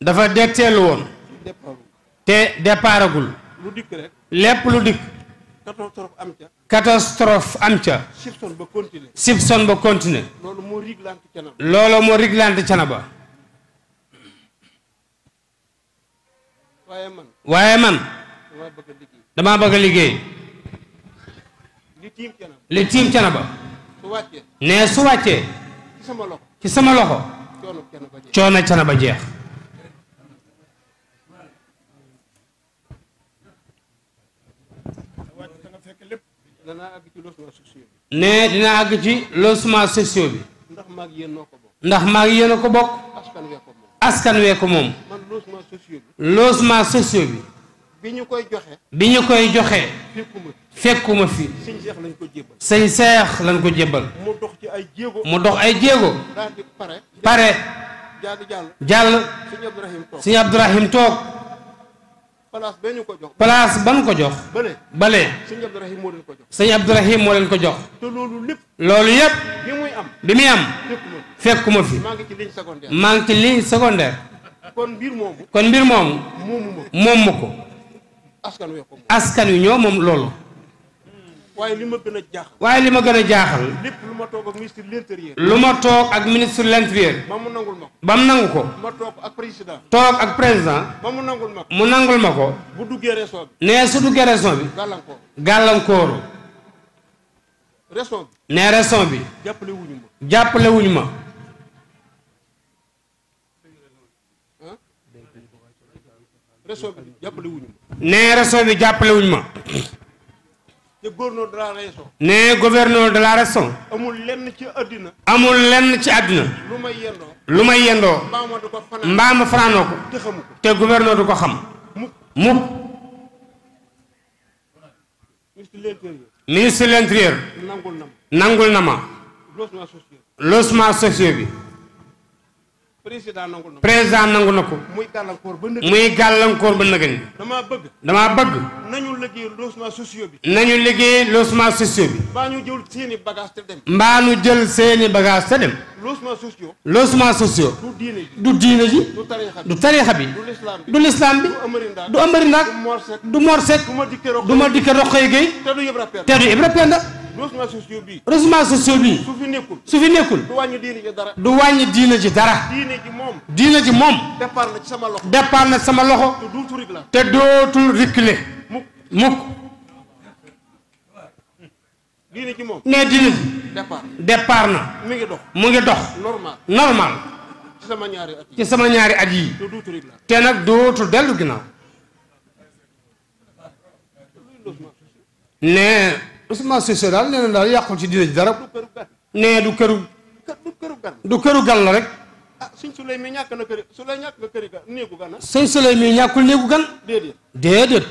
dafa detteelu woon te déparagul lépp lu dikk catastrophe am ca. catastrophe am ca. Sibson ba continué. Sibson ba continué. loolu moo réglante Thiénaba. loolu moo réglante Thiénaba. waaye man. damaa bëgg a liggéey. damaa bëgg a liggéey. li tiim Thiénaba. su wàccee. nee su wàccee. ci sama loxo. ci sama loxo. coono Thiénaba jeex. ne dina àgg ci logement social bi. ndax maag yéen noo ko bokk. ndax maag yéen a ko bokk. askan wee ko moom. askan wee ko moom. man logement social bi. logement social bi. bi ñu koy joxe. bi ñu koy joxe. fekkuma fi fekkuma fi. sëñ seex lañ ko jébbal. sëñ seex lañ ko jébbal. mu dox ci ay jéego. mu dox ay jéego. daal di pare. pare. jàll jàll. jàll. toog. place ba ko jox. place ba ñu ko jox. bële bële. sëñ Abdourahim moo leen ko jox. sëñ Abdourahim moo leen ko jox. te loolu lépp. loolu yëpp. bi muy am bi am. fekkuma fi maa ngi ci ligne secondaire. maa ngi ci ligne kon mbir moomu. moom mbir moomu. moomu ma ko. askan wi ñoo moom loolu. waaye li ma gën a jaaxal. waaye li ma gën a jaaxal. lépp lu ma toog ak ministre de l'intérieur. ma toog ak ministre de l'intérieur. ba mu nangul ma ko. ba mu nangu ko. ma toog ak président. toog ak président. ba mu nangul ma mu nangul ma ko. bu duggee région bi. nee su duggee région bi. gàllankoor gàllankoor. région bi. nee région bi. jàppale wuñu ma. ma. Ah? région bi jàppale wuñu ma. nee région bi jàppale ma. ne gouverneur de la région. ne gouverneur de amul lenn ci àddina. amul lenn ci àddina. lu may yendoo. lu may yendoo. mbaama du ko fanaan mbaama fanaanoo ko. te xamu du ko xam. mukk mukk. ministre de l'intérieur. ministre de l'intérieur. nangul na ma. nangul na ma. logement bi. président nangu na ko. muy gàllankoor ba nëgën. muy gàllankoor ba nëgën. damaa bëgg. damaa bëgg. nañu liggéey logement sociaux bi. nañu liggéey logement bi. mbaa ñu jël seeni bagage te dem. mbaa ñu jël seeni bagage te dem. logement sociaux. logement sociaux. du diine ji du diine ji. du tariixa bi du lislaam bi. du lislaam bi du amari ndaag du morset du ma dikke roqoy géey te du Ibra Penda réseaux sociaux bi réseaux su fi nekkul su fi nekkul du wàññi diina ji dara du wàññi diina ji dara diina ji moom diina ji moom départ na ci sama loxo départ na sama loxo te dootul réglé te dootul réglé mukk mukk diina ji moom ne diina na mu ngi dox mu ngi dox normal normal ci sama ñaari at yi sama ñaari at yi te dootul réglé te nag dootul dellu ginnaaw ne Ousmane Cissé daal nee na daal yàqul ci diine ji dara. nee du këru. du këru gan. du këru gan la rek. ah suñ Suley mi ñàkk na kër su lay ñàkk nga këri gan néegu gan. Ah? suñ Suley mi ñàkkul néegu gan. déedéet déedéet.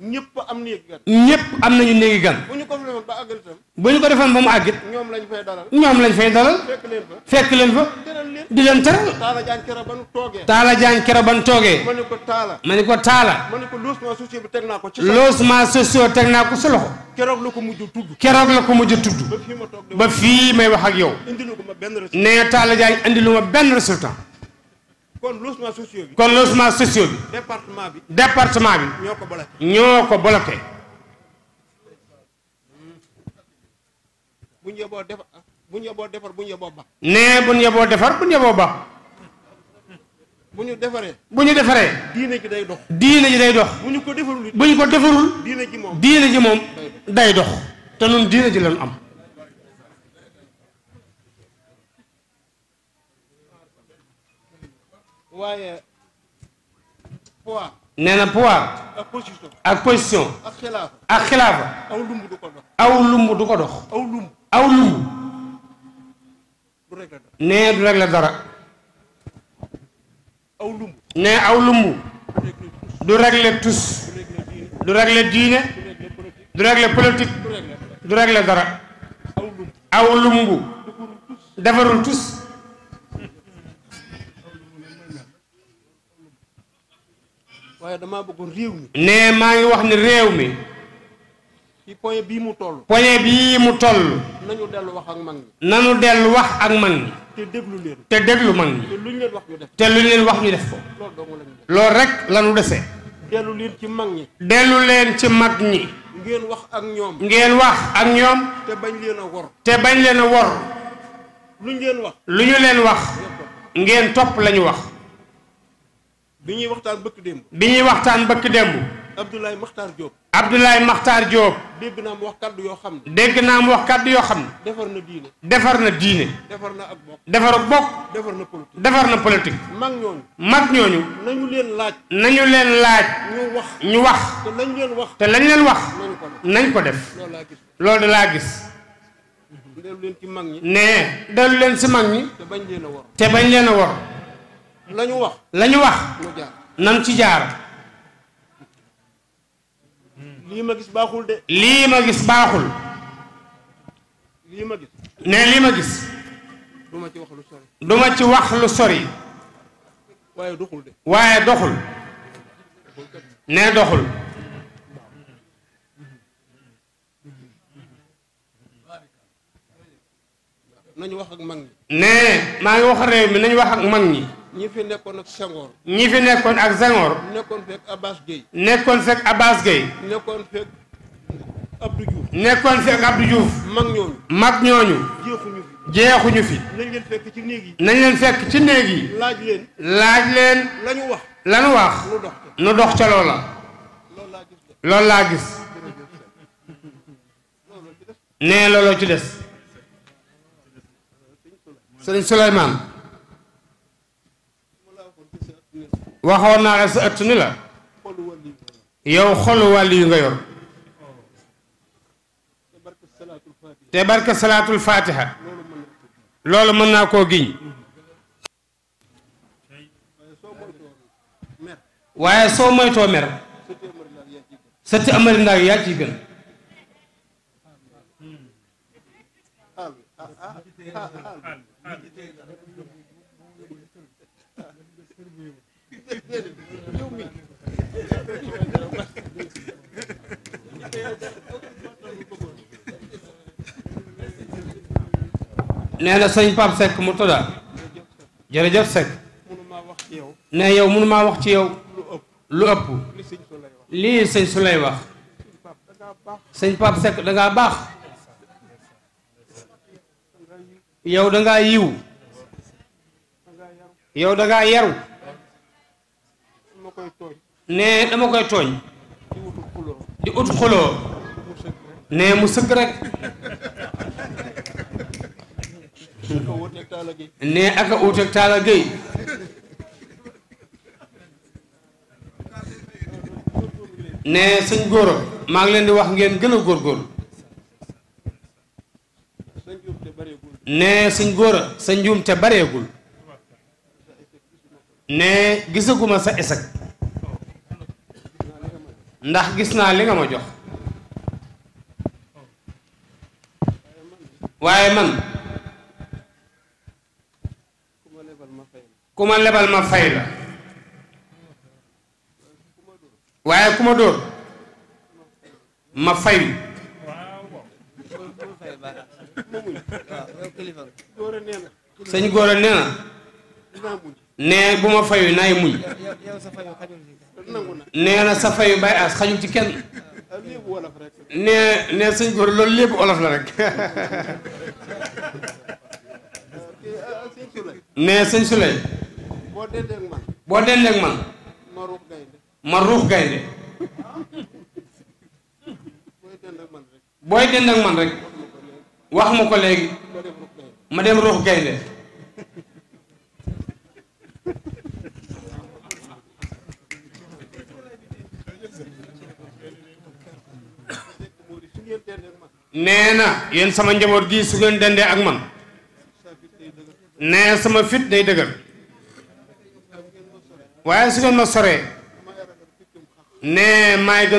ñëpp am néegi ñëpp am nañu néegi gan. bu ñu ko defoon ba àggal itam. bu ñu ko defoon ba mu àggit. ñoom lañ fay dalal. ñoom lañ fay dalal. fekk leen fa fekk leen fa. di leen teral. Taala Jaañ kero ban toogee. Taala Jaañ kero ban toogee. ma ne ko Taala. ma ne ko Taala. ma ne ko logement social bi teg naa ko ci. logement social teg naa ko ci loxo. keroog la ko mujj tudd. keroog la ko mujj tudd. ba fii ma toog ba fii may wax ak yow. indilu ko ma benn résultat. nee Taala Jaañ indilu ma benn résultat. kon logement sociaux bi. kon logement bi. département bi. département bi. ñoo ko bloqué. ñoo ko bloqué. bu ñu yeboo defar bu ñu defar bu ñu yeboo ba. nee bu ñu yeboo defar bu ñu yeboo ba. bu ñu defaree. bu ñu defaree. diine ji day dox. diine ji day dox. bu ñu ko defarul. bu ñu ko defarul. diine ji moom diine ji moom day dox. te ñun diine ji lan am. waaye poids nee na poids ak position ak xilaafa aw lumb du ko dox aw lumb du ko dox aw lumb aw lumb nee du régler dara aw nee aw lumb du régler tus du régler diine du régler politique du régler dara aw lumb defarul tus waaye damaa bëggoon réew mi. nee maa ngi wax ni réew mi. ci bii mu toll. point bii mu toll. nañu dellu wax ak mag ñi. nañu wax ak mag ñi. te déglu leen. te déglu mag ñi. te luñ leen wax ñu def. te luñ leen wax ñu def ko. loolu rek la dese. dellu leen ci mag ñi. dellu leen ci mag ñi. ngeen wax ak ñoom. ngeen wax ak ñoom. te bañ leen a wor. te bañ leen a wor. luñ leen wax. lu ñu leen wax. ngeen topp lañu wax. bi ñuy waxtaan bëkk démb. bi ñuy waxtaan bëkk démb. Abdoulaye Makhtar jóob Abdoulaye Makhtar Diop. dégg naa mu wax kaddu yoo xam ne. dégg naa mu wax kaddu xam ne. defar na diine. defar na diine. defar na ak bokk. defar bokk. na politique. defar na politique. mag ñooñu. mag ñooñu. nañu leen laaj. nañu leen laaj. ñu wax ñu wax. te lañ leen wax. te lañ leen wax. nañ ko def nañ ko def. loolu laa gis. leen ci mag ñi. nee dellu leen ci mag ñi. te bañ leen a war. te bañ leen a war. lañu wax lañu wax nan ci jaar lii ma gis baaxul de lii ma gis baaxul lii ma gis ne lii ma gis duma ci wax lu sori du ma ci wax lu sori waaye doxul de waaye doxul ne doxul nañu wax ak mag ñi ne maa ngi wax réew mi nañu wax ak mag ñi ñi fi nekkoon ak Senghor. ñi fi nekkoon ak Senghor. nekkoon fekk Abbas Gueye. nekkoon fekk Abbas Gueye. nekkoon fekk Abdou Diouf. nekkoon fekk Abdou Diouf. mag ñooñu. mag ñooñu. jeexuñu fi. jeexuñu fi. nañ fekk ci néeg yi. nañ leen fekk ci néeg yi. laaj leen. laaj leen. lañu wax. lañu wax. nu dox ca loola. loolu laa gis. nee looloo ci des. Sëriñ waxoon naa la sa ëtt ni la yow xolu wàll yu nga yor mën naa koo giñ waaye nee na sëñ Pape Seck mu tudda jërëjëf Seck ne yow mënu maa wax ci yow lu ëpp lii sëñ su lay wax sëñ Pape Seck da baax yow da ngaa yiw yow da ngaa yaru ne dama koy tooñ di ut xuloo ne mu sëgg rek ne aka ut ak Talla Gueye ne sëñ góor maa ngi leen di wax ngeen gën a góorgóorlu ne sëñ góor sa njuum te bareegul ne gisaguma sa esek ndax gis naa li nga ma jox waaye man ku ma lebal ma fay la waaye ku ma dóor ma fay sëñ góor a nee na nee bu ma fayu naay muñ nee na sa fayu bay as xajul ci kenn nee nee sëñ góor loolu lépp olof la rek nee sëñ Suley boo dendeeg man boo dendeeg man ma ruux gaynde booy dend man rek wax ma ko léegi ma dem ruux gaynde nee na yéen sama njaboot gi su ngeen dendee ak man nee sama fit day dëgër waaye su ngeen ma soree nee maa ngi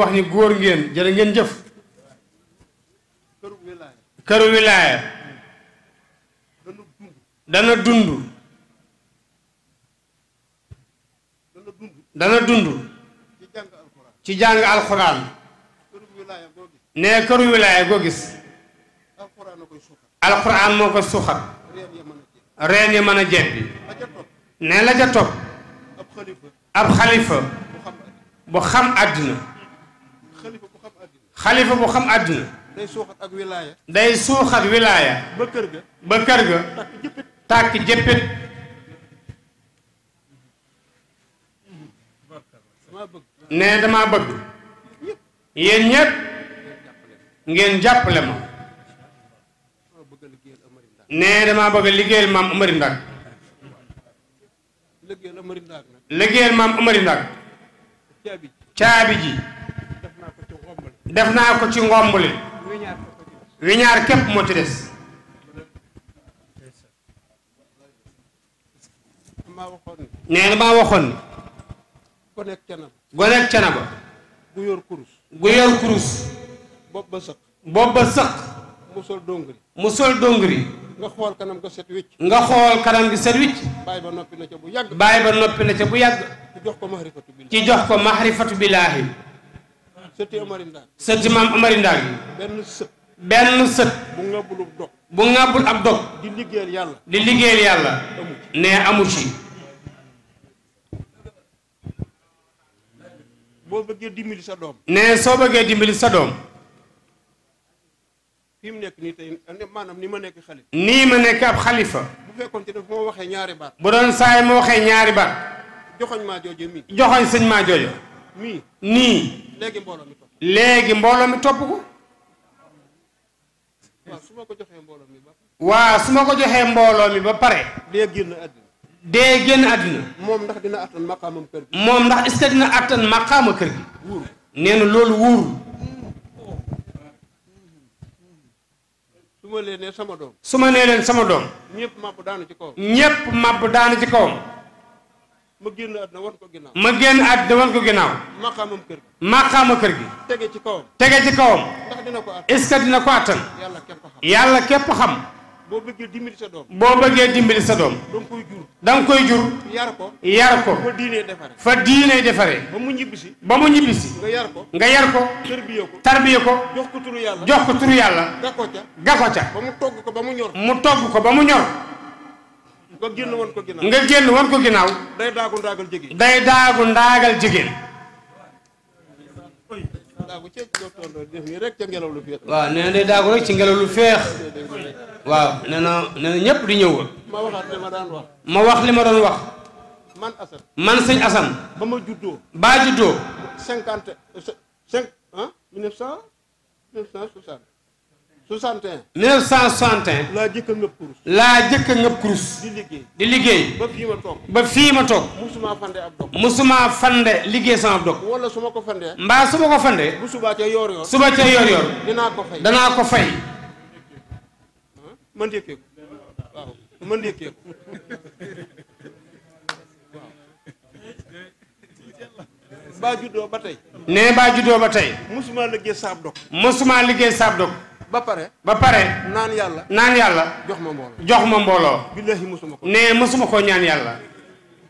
wax ni góor ngeen jërë ngeen jëf këru wilaaya dana dund dana dund ci jàng alxuraan ne këru wilaaya goo gis alxuraan moo ko suuxat reen yi mën a jebbi ne la ca topp ab xalifa bu xam àddina xalifa bu xam àddina day suuxat wilaaya ba kër ga tàkk jëppit ne dama bëgg yéen ñépp ngeen jàppale ma ne dama bëgg liggéeyal maam Amary Ndak liggéeyal maam naa ko ci ngombali wiñaar képp moo ci des ne dama waxoon goneeg canaba. goneeg canaba. gu yor kurus. gu yor kurus. bopp ba sëq. bopp ba sëq. mu sol dongri. mu sol dongri. nga xool kanam nga set wicc. nga xool kanam gi set wicc. bàyyi ba noppi na ca bu yàgg. bàyyi ba noppi bu yàgg. ci jox ko mahrifatu billaahi. ci jox ko mahrifatu billaahi. sëti Amari Ndaag. sëti maam Amari Ndaag. benn sët. benn sët. bu ngàbbul ab dog. bu ngàbbul ab dog. di liggéeyal yàlla. di liggéeyal yàlla. ne amu ci. boo bëggee dimbali sa doom. ne soo bëggee dimbali sa doom. fi mu nekk nii tey maanaam ni ma nekk xalifa. nii ma nekk ab xalifa. bu fekkoon te ne fu waxee ñaari baat. bu doon saay ma waxee ñaari baat. joxoñ maa joojo mii. sëñ maa joojo. mii nii. léegi mbooloo mi topp. léegi mbooloo mi topp ko. waaw su ma ko joxee mbooloo mi ba. waaw su ma ko joxee mbooloo mi ba pare. dee génn àddina. dee génn àddina. moom ndax dina attan maqaamam kër gi. moom ndax attan maqaama kër gi. wóor loolu wóorul. su ma nee leen sama doom. su ma nee sama doom. ñëpp màbb daanu ci kawam. ñëpp màbb daanu ci kawam. ma génn àddina wan ko ginnaaw. ma génn àddina wan ko ginnaaw. maqaamam kër gi. kër gi. tege ci kawam. tege ci kawam. ndax dina ko attan. est-ce que dina ko attan. yàlla képp xam. boo bëggee dimbili sa doom. boo bëggee dimbali sa doom. da nga koy jur. da nga koy jur. yar ko. yar ko. fa diinee defaree. fa diinee defaree. ba mu ñibbisi. ba mu ñibbisi. nga yar ko. nga yar ko. tarbiye ko. tarbiye ko. jox ko turu yàlla. jox ko turu yàlla. gako gako ca. ba mu togg ko ba mu ñor. mu togg ko ba mu ñor. nga génn woon ko ginnaaw. nga génn woon ko ginnaaw. day daagu ndaagal jigéen. day daagu ndaagal jigéen. waaw nee na day daagu rek ci ngelaw lu feex. waaw nee na nee ñëpp di ñëw. ma waxaat ma daan wax. ma wax li ma doon wax. man Assane. man sëñ Assane. ba ma juddoo. baa juddoo. cinquante cinq ah mille neuf et un. mille cent soixante laa jëkk a ngëb kurus. laa jëkk a kurus. di liggéey di liggéey. ba fii ma toog. ba fii ma toog. musuma fande ab dog. fande liggéey sama ab dog. wala su ma ko fandee. mbaa su ma ko fandee. bu subaa ca yoor-yoor. suba ca yoor-yoor. dinaa ko danaa ko fay. man yëkkee ko waaw man yëkkee ko baa juddoo ba tey nee baa juddoo ba tey mosuma liggéey saab dog mosuma liggéey saab dog ba pare ba pare naan yàlla naan yàlla jox ma mbooloo jox ma mbooloo billahi mosuma ko nee mosuma koo ñaan yàlla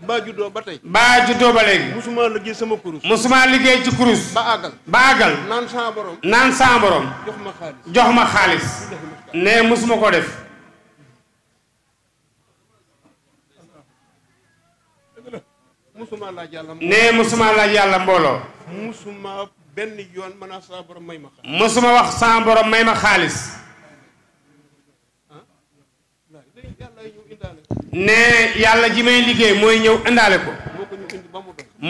baa juddoo ba tey. baa juddoo ba léegi. masuma liggéey sama kurus. musuma liggéey ci kurus. ba àggal ba naan sama borom. naan sama borom. jox ma xaalis jox ma xaalis. ne masuma ko def. musuma laaj yàlla mbooloo ne musuma laaj yàlla mbooloo. musuma benn yoon mën naa sama borom may ma xaalis. musuma sama borom may ma xaalis. Ah? ne yàlla ji may liggéey mooy ñëw indaale ko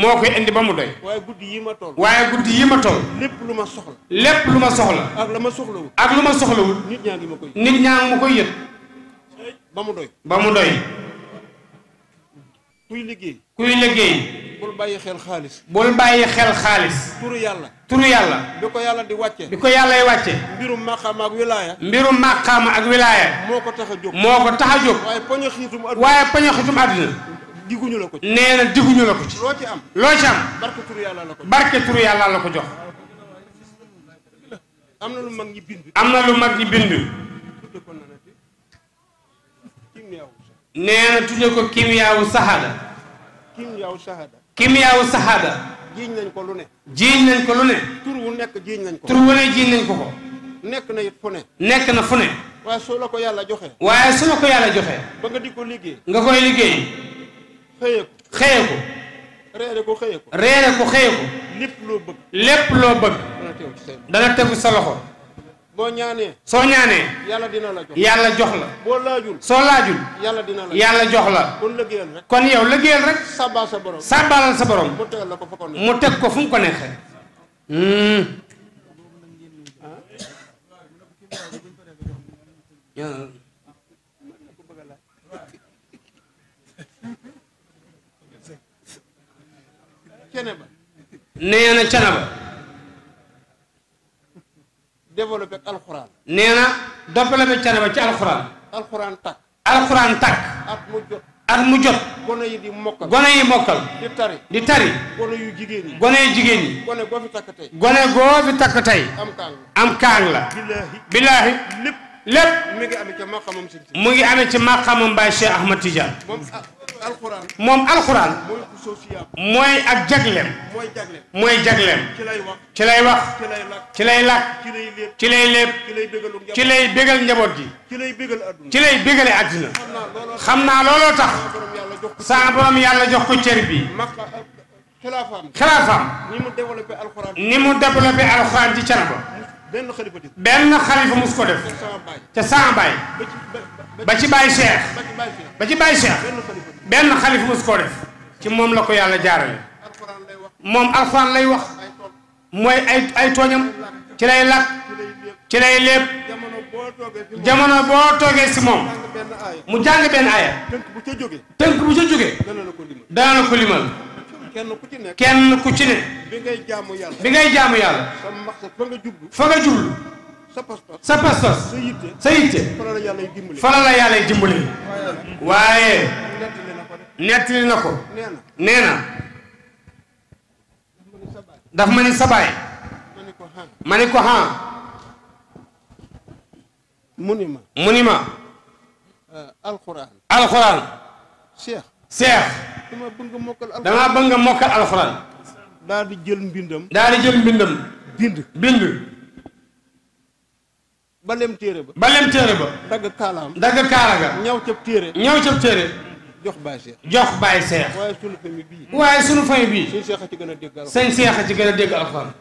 moo ko indi ba mu doy waaye guddi yi ma toll waaye guddi yi ma toll lépp lu ma soxla lépp lu ma soxla ak la ma soxlawul ak lu ma soxlawul nit ñaa ngi ma koy nit ñaa ngi ma koy yët ba mu doy ba mu doy kuy liggéey kuy liggéey bul bàyyi xel xaalis. bul bàyyi xel xaalis. turu yàlla. turu yàlla. bi ko yàlla di wàcce. bi ko yàlla di wàcce. mbirum maqaama ak wilaaya. mbirum maqaama ak wilaaya. moo ko tax a jóg moo ko tax a jóg. waaye poñu xiitum àdduna waaye poñu xiitum àdduna. diguñu la ko ci. nee na diguñu ci. loo ci am loo ci am. barke turu yàlla la ko jox barke turu yàlla la ko jox. na lu mag ñi bind. am na lu mag ñi bind. na tudde ko kimiyaawu kimiyaawu saxaada. jiiñ nañ ko lu ne. jiiñ lañ ko lu ne. tur wu nekk jiiñ nañ ko. tur wu ne jiiñ ko ko. nekk na it fu ne. nekk na fu ne. waaye su la ko yàlla joxee. waaye su la ko yàlla joxee. ba nga di ko liggéey. nga koy liggéey. xëyee ko xëyee ko. xëyee ko. reere ko xëyee ko. lépp loo bëgg. lépp loo bëgg. dana tegu sa loxo. boo ñaanee soo ñaanee yàlla dina la jox yàlla jox la boo soo laajul yàlla dina yàlla jox la kon liggéeyal rek kon yow liggéeyal rek sàbbaal sa borom sàbbaalal sa mu la ko ko neexee mu teg ko fu mu ko neexee hmm. nee na développé ak alxuraan. nee na développé canaba ci alxuraan. alxuraan tàkk. alxuraan tàkk. at mu jot. at mu jot. gone yi di mokkal. gone yi di tari. di tari. gone yu jigéen ñi. gone yu jigéen ñi. gone goo fi takk tey. gone goo fi tey. am kaang la. am kaang la. billaahi. billaahi. lépp. lépp. mi ngi amee ci maqamam si. mu ngi amee ci maqamam Baye Cheikh Ahmad Tidiane. Ah, moom alxuraan mooy ak jagleem mooy jagleem ci lay wax ci lay làkk ci lay lépp ci lay bégal njaboot gi ci lay bégale àddina xam naa looloo tax saa borom yàlla jox ko cër bi xilaafaam ni mu développé alxuraan ci can ba benn xalifa def benn xalifa mus ko def. ca sama baay ba ci baay Cheikh. ba ci baay Cheikh. benn xalifa mus koo def. ci moom la ko yàlla jaarale. moom alxuraan lay wax. mooy ay ay tooñam. ci lay lakk. ci lay lépp. jamono boo toogee si moom. mu jàng benn aaya. tënk bu ca jógee. dana la ko limal. kenn ku ci ne. kenn ku ci ne. bi ngay jaamu yàlla. bi ngay jaamu yàlla. sa maqsad fa nga jublu. fa nga jublu. sa pas-pas sa yitte sa yitte. la yàlla dimbali. fala la yàlla dimbali. waaye. na ko. nee na. daf ma ni sabaay. ma ko han. mu ni ma. Euh, seex dama bëgg nga mokkal alxuraan dama bëgg daal di jël mbindam daal di jël mbindam bind bind ba lem téere ba ba lem téere ba dagg kaalaam dagg kaala ga ñaw ca téere ñaw cab téere jox baay seex jox baay seex waaye sunu famille bii waaye sunu famille bii ci gën a dégg alxuraan sëñ seex a ci gën a dégg alxuraan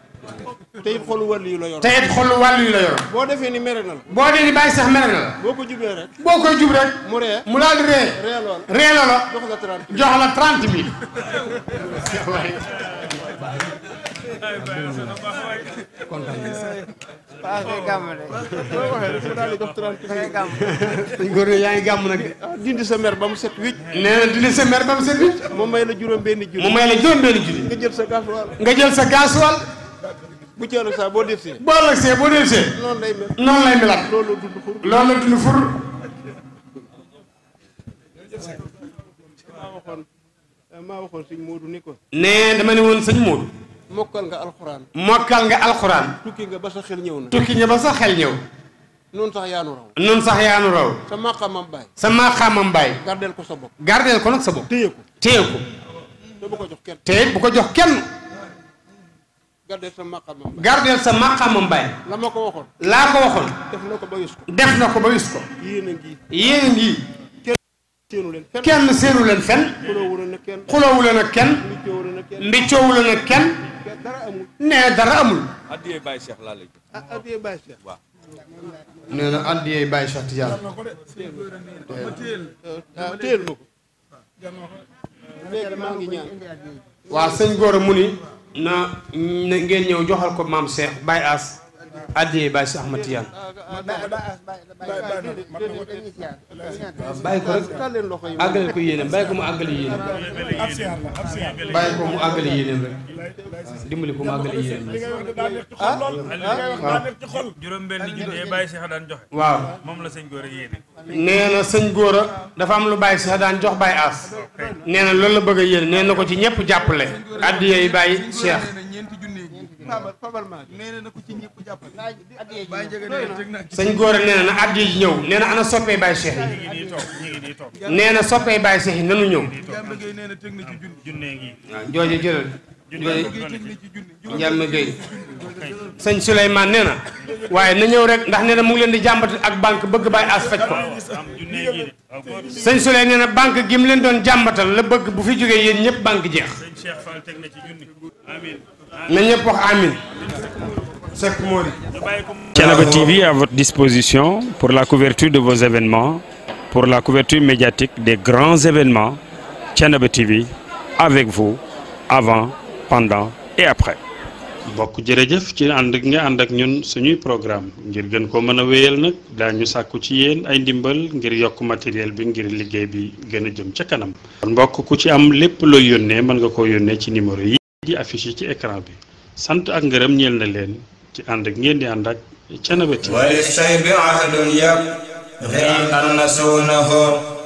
te it xolu wàllu la yor. te it xolu wàllu yi yor. boo defee ni mere na la. boo dee ni bàyyi sax mere na la. boo ko jubee boo koy jub rek. mu ree mu daal di ree. ree loola ree loola. jox la trente mille jox la trente mille. yaa ngi gàmm nag de. Ah, dindi sa mer ba mu set wicc. nee na dindi sa mer ba mu set wicc. mu may la juróom benn junni. mu may la juróom nga jël sa gasoil. nga jël sa gasoil. bu ceelu saa boo def see. boo lag see boo def see. noonu lay mel noonu lay melaat. loolu dund fur loolu dund fur. maa waxoon maa waxoon sëñ Moodu ni ko. nee dama ne woon sëñ Moodu. mokkal nga alxuraan. mokkal nga alxuraan. tukki nga ba sa xel ñëw na. tukki nga ba sa xel ñëw. noonu sax yaanu raw. noonu sax yaanu raw. sa maqaamam baay. sa maqaamam baay. gardeel ko sa bopp. gardeel ko nag sa bopp. téye ko téye ko. te bu ko jox kenn. te bu ko jox kenn. gardeel sa maqamam bàyyi. gardeel sa maqamam la ma ko waxoon. laa ko waxoon. def na ko ba yus ko. def na ko ba yus ko. yéen a ngi. yéen a ngi. kenn seenu leen fenn. xuloowu leen ak kenn. mbiccoowu leen ak kenn. nee dara amul. addiyee Baye Cheikh laa lay jox. nee na addiyee Baye Cheikh Tidiane. téel ma ko. léegi maa ngi ñaan. waa sëñ Gora mu ni. na ngeen ñëw joxal ko maam Cheikh Baye As addiyee Baye si Ahmad Tiyaan bàyyi ko rek àggaleel ko yéeneem bàyyi ko mu àggale yéeneem bàyyi ko mu àggale yéeneem rek dimbali ko mu àggale yéeneem rek ah waaw. juróom-benn junni Baye Cheikh daan joxe. waaw moom la sëñ Gora yéene. nee na sëñ Gora dafa am lu Baye Cheikh daan jox Baye As. nee na loolu la bëgg a yéene nee na ko ci ñëpp jàppale. addiyee Baye Cheikh. sañ góor nee na addi yi ñëw nee na ana soppee Baye Cheikh yi nee na soppee Baye Cheikh yi nanu ñëw waaw ah. ah, jooju jëlal jooju njàmm géy sëñ Souleymane nee na waaye na ñëw rek ndax nee na mu ngi leen di jàmbat ak banque bëgg Baye Ass faj ko sëñ Souley nee na banque gi mu leen doon jàmbatal la bëgg bu fi jógee yéen ñëpp bànk jeex na ñëpp wax amin Seck Mori. TV à votre disposition pour la couverture de vos événements pour la couverture médiatique des grands événements Thiénaba TV avec vous avant pendant et après. mbokk jërëjëf ci ànd ak nga ànd ak ñun suñuy programme ngir gën ko mën a wéyal nag daañu sàkku ci yéen ay ndimbal ngir yokk matériel bi ngir liggéey bi gën a jëm ca kanam. kon mbokk ku ci am lépp looy yónnee mën nga ko yónnee ci numéro yi. di affiché ci écran bi sant ak ngërëm ñeel na leen ci ànd ak ngeen di ànd ak Thiénaba TV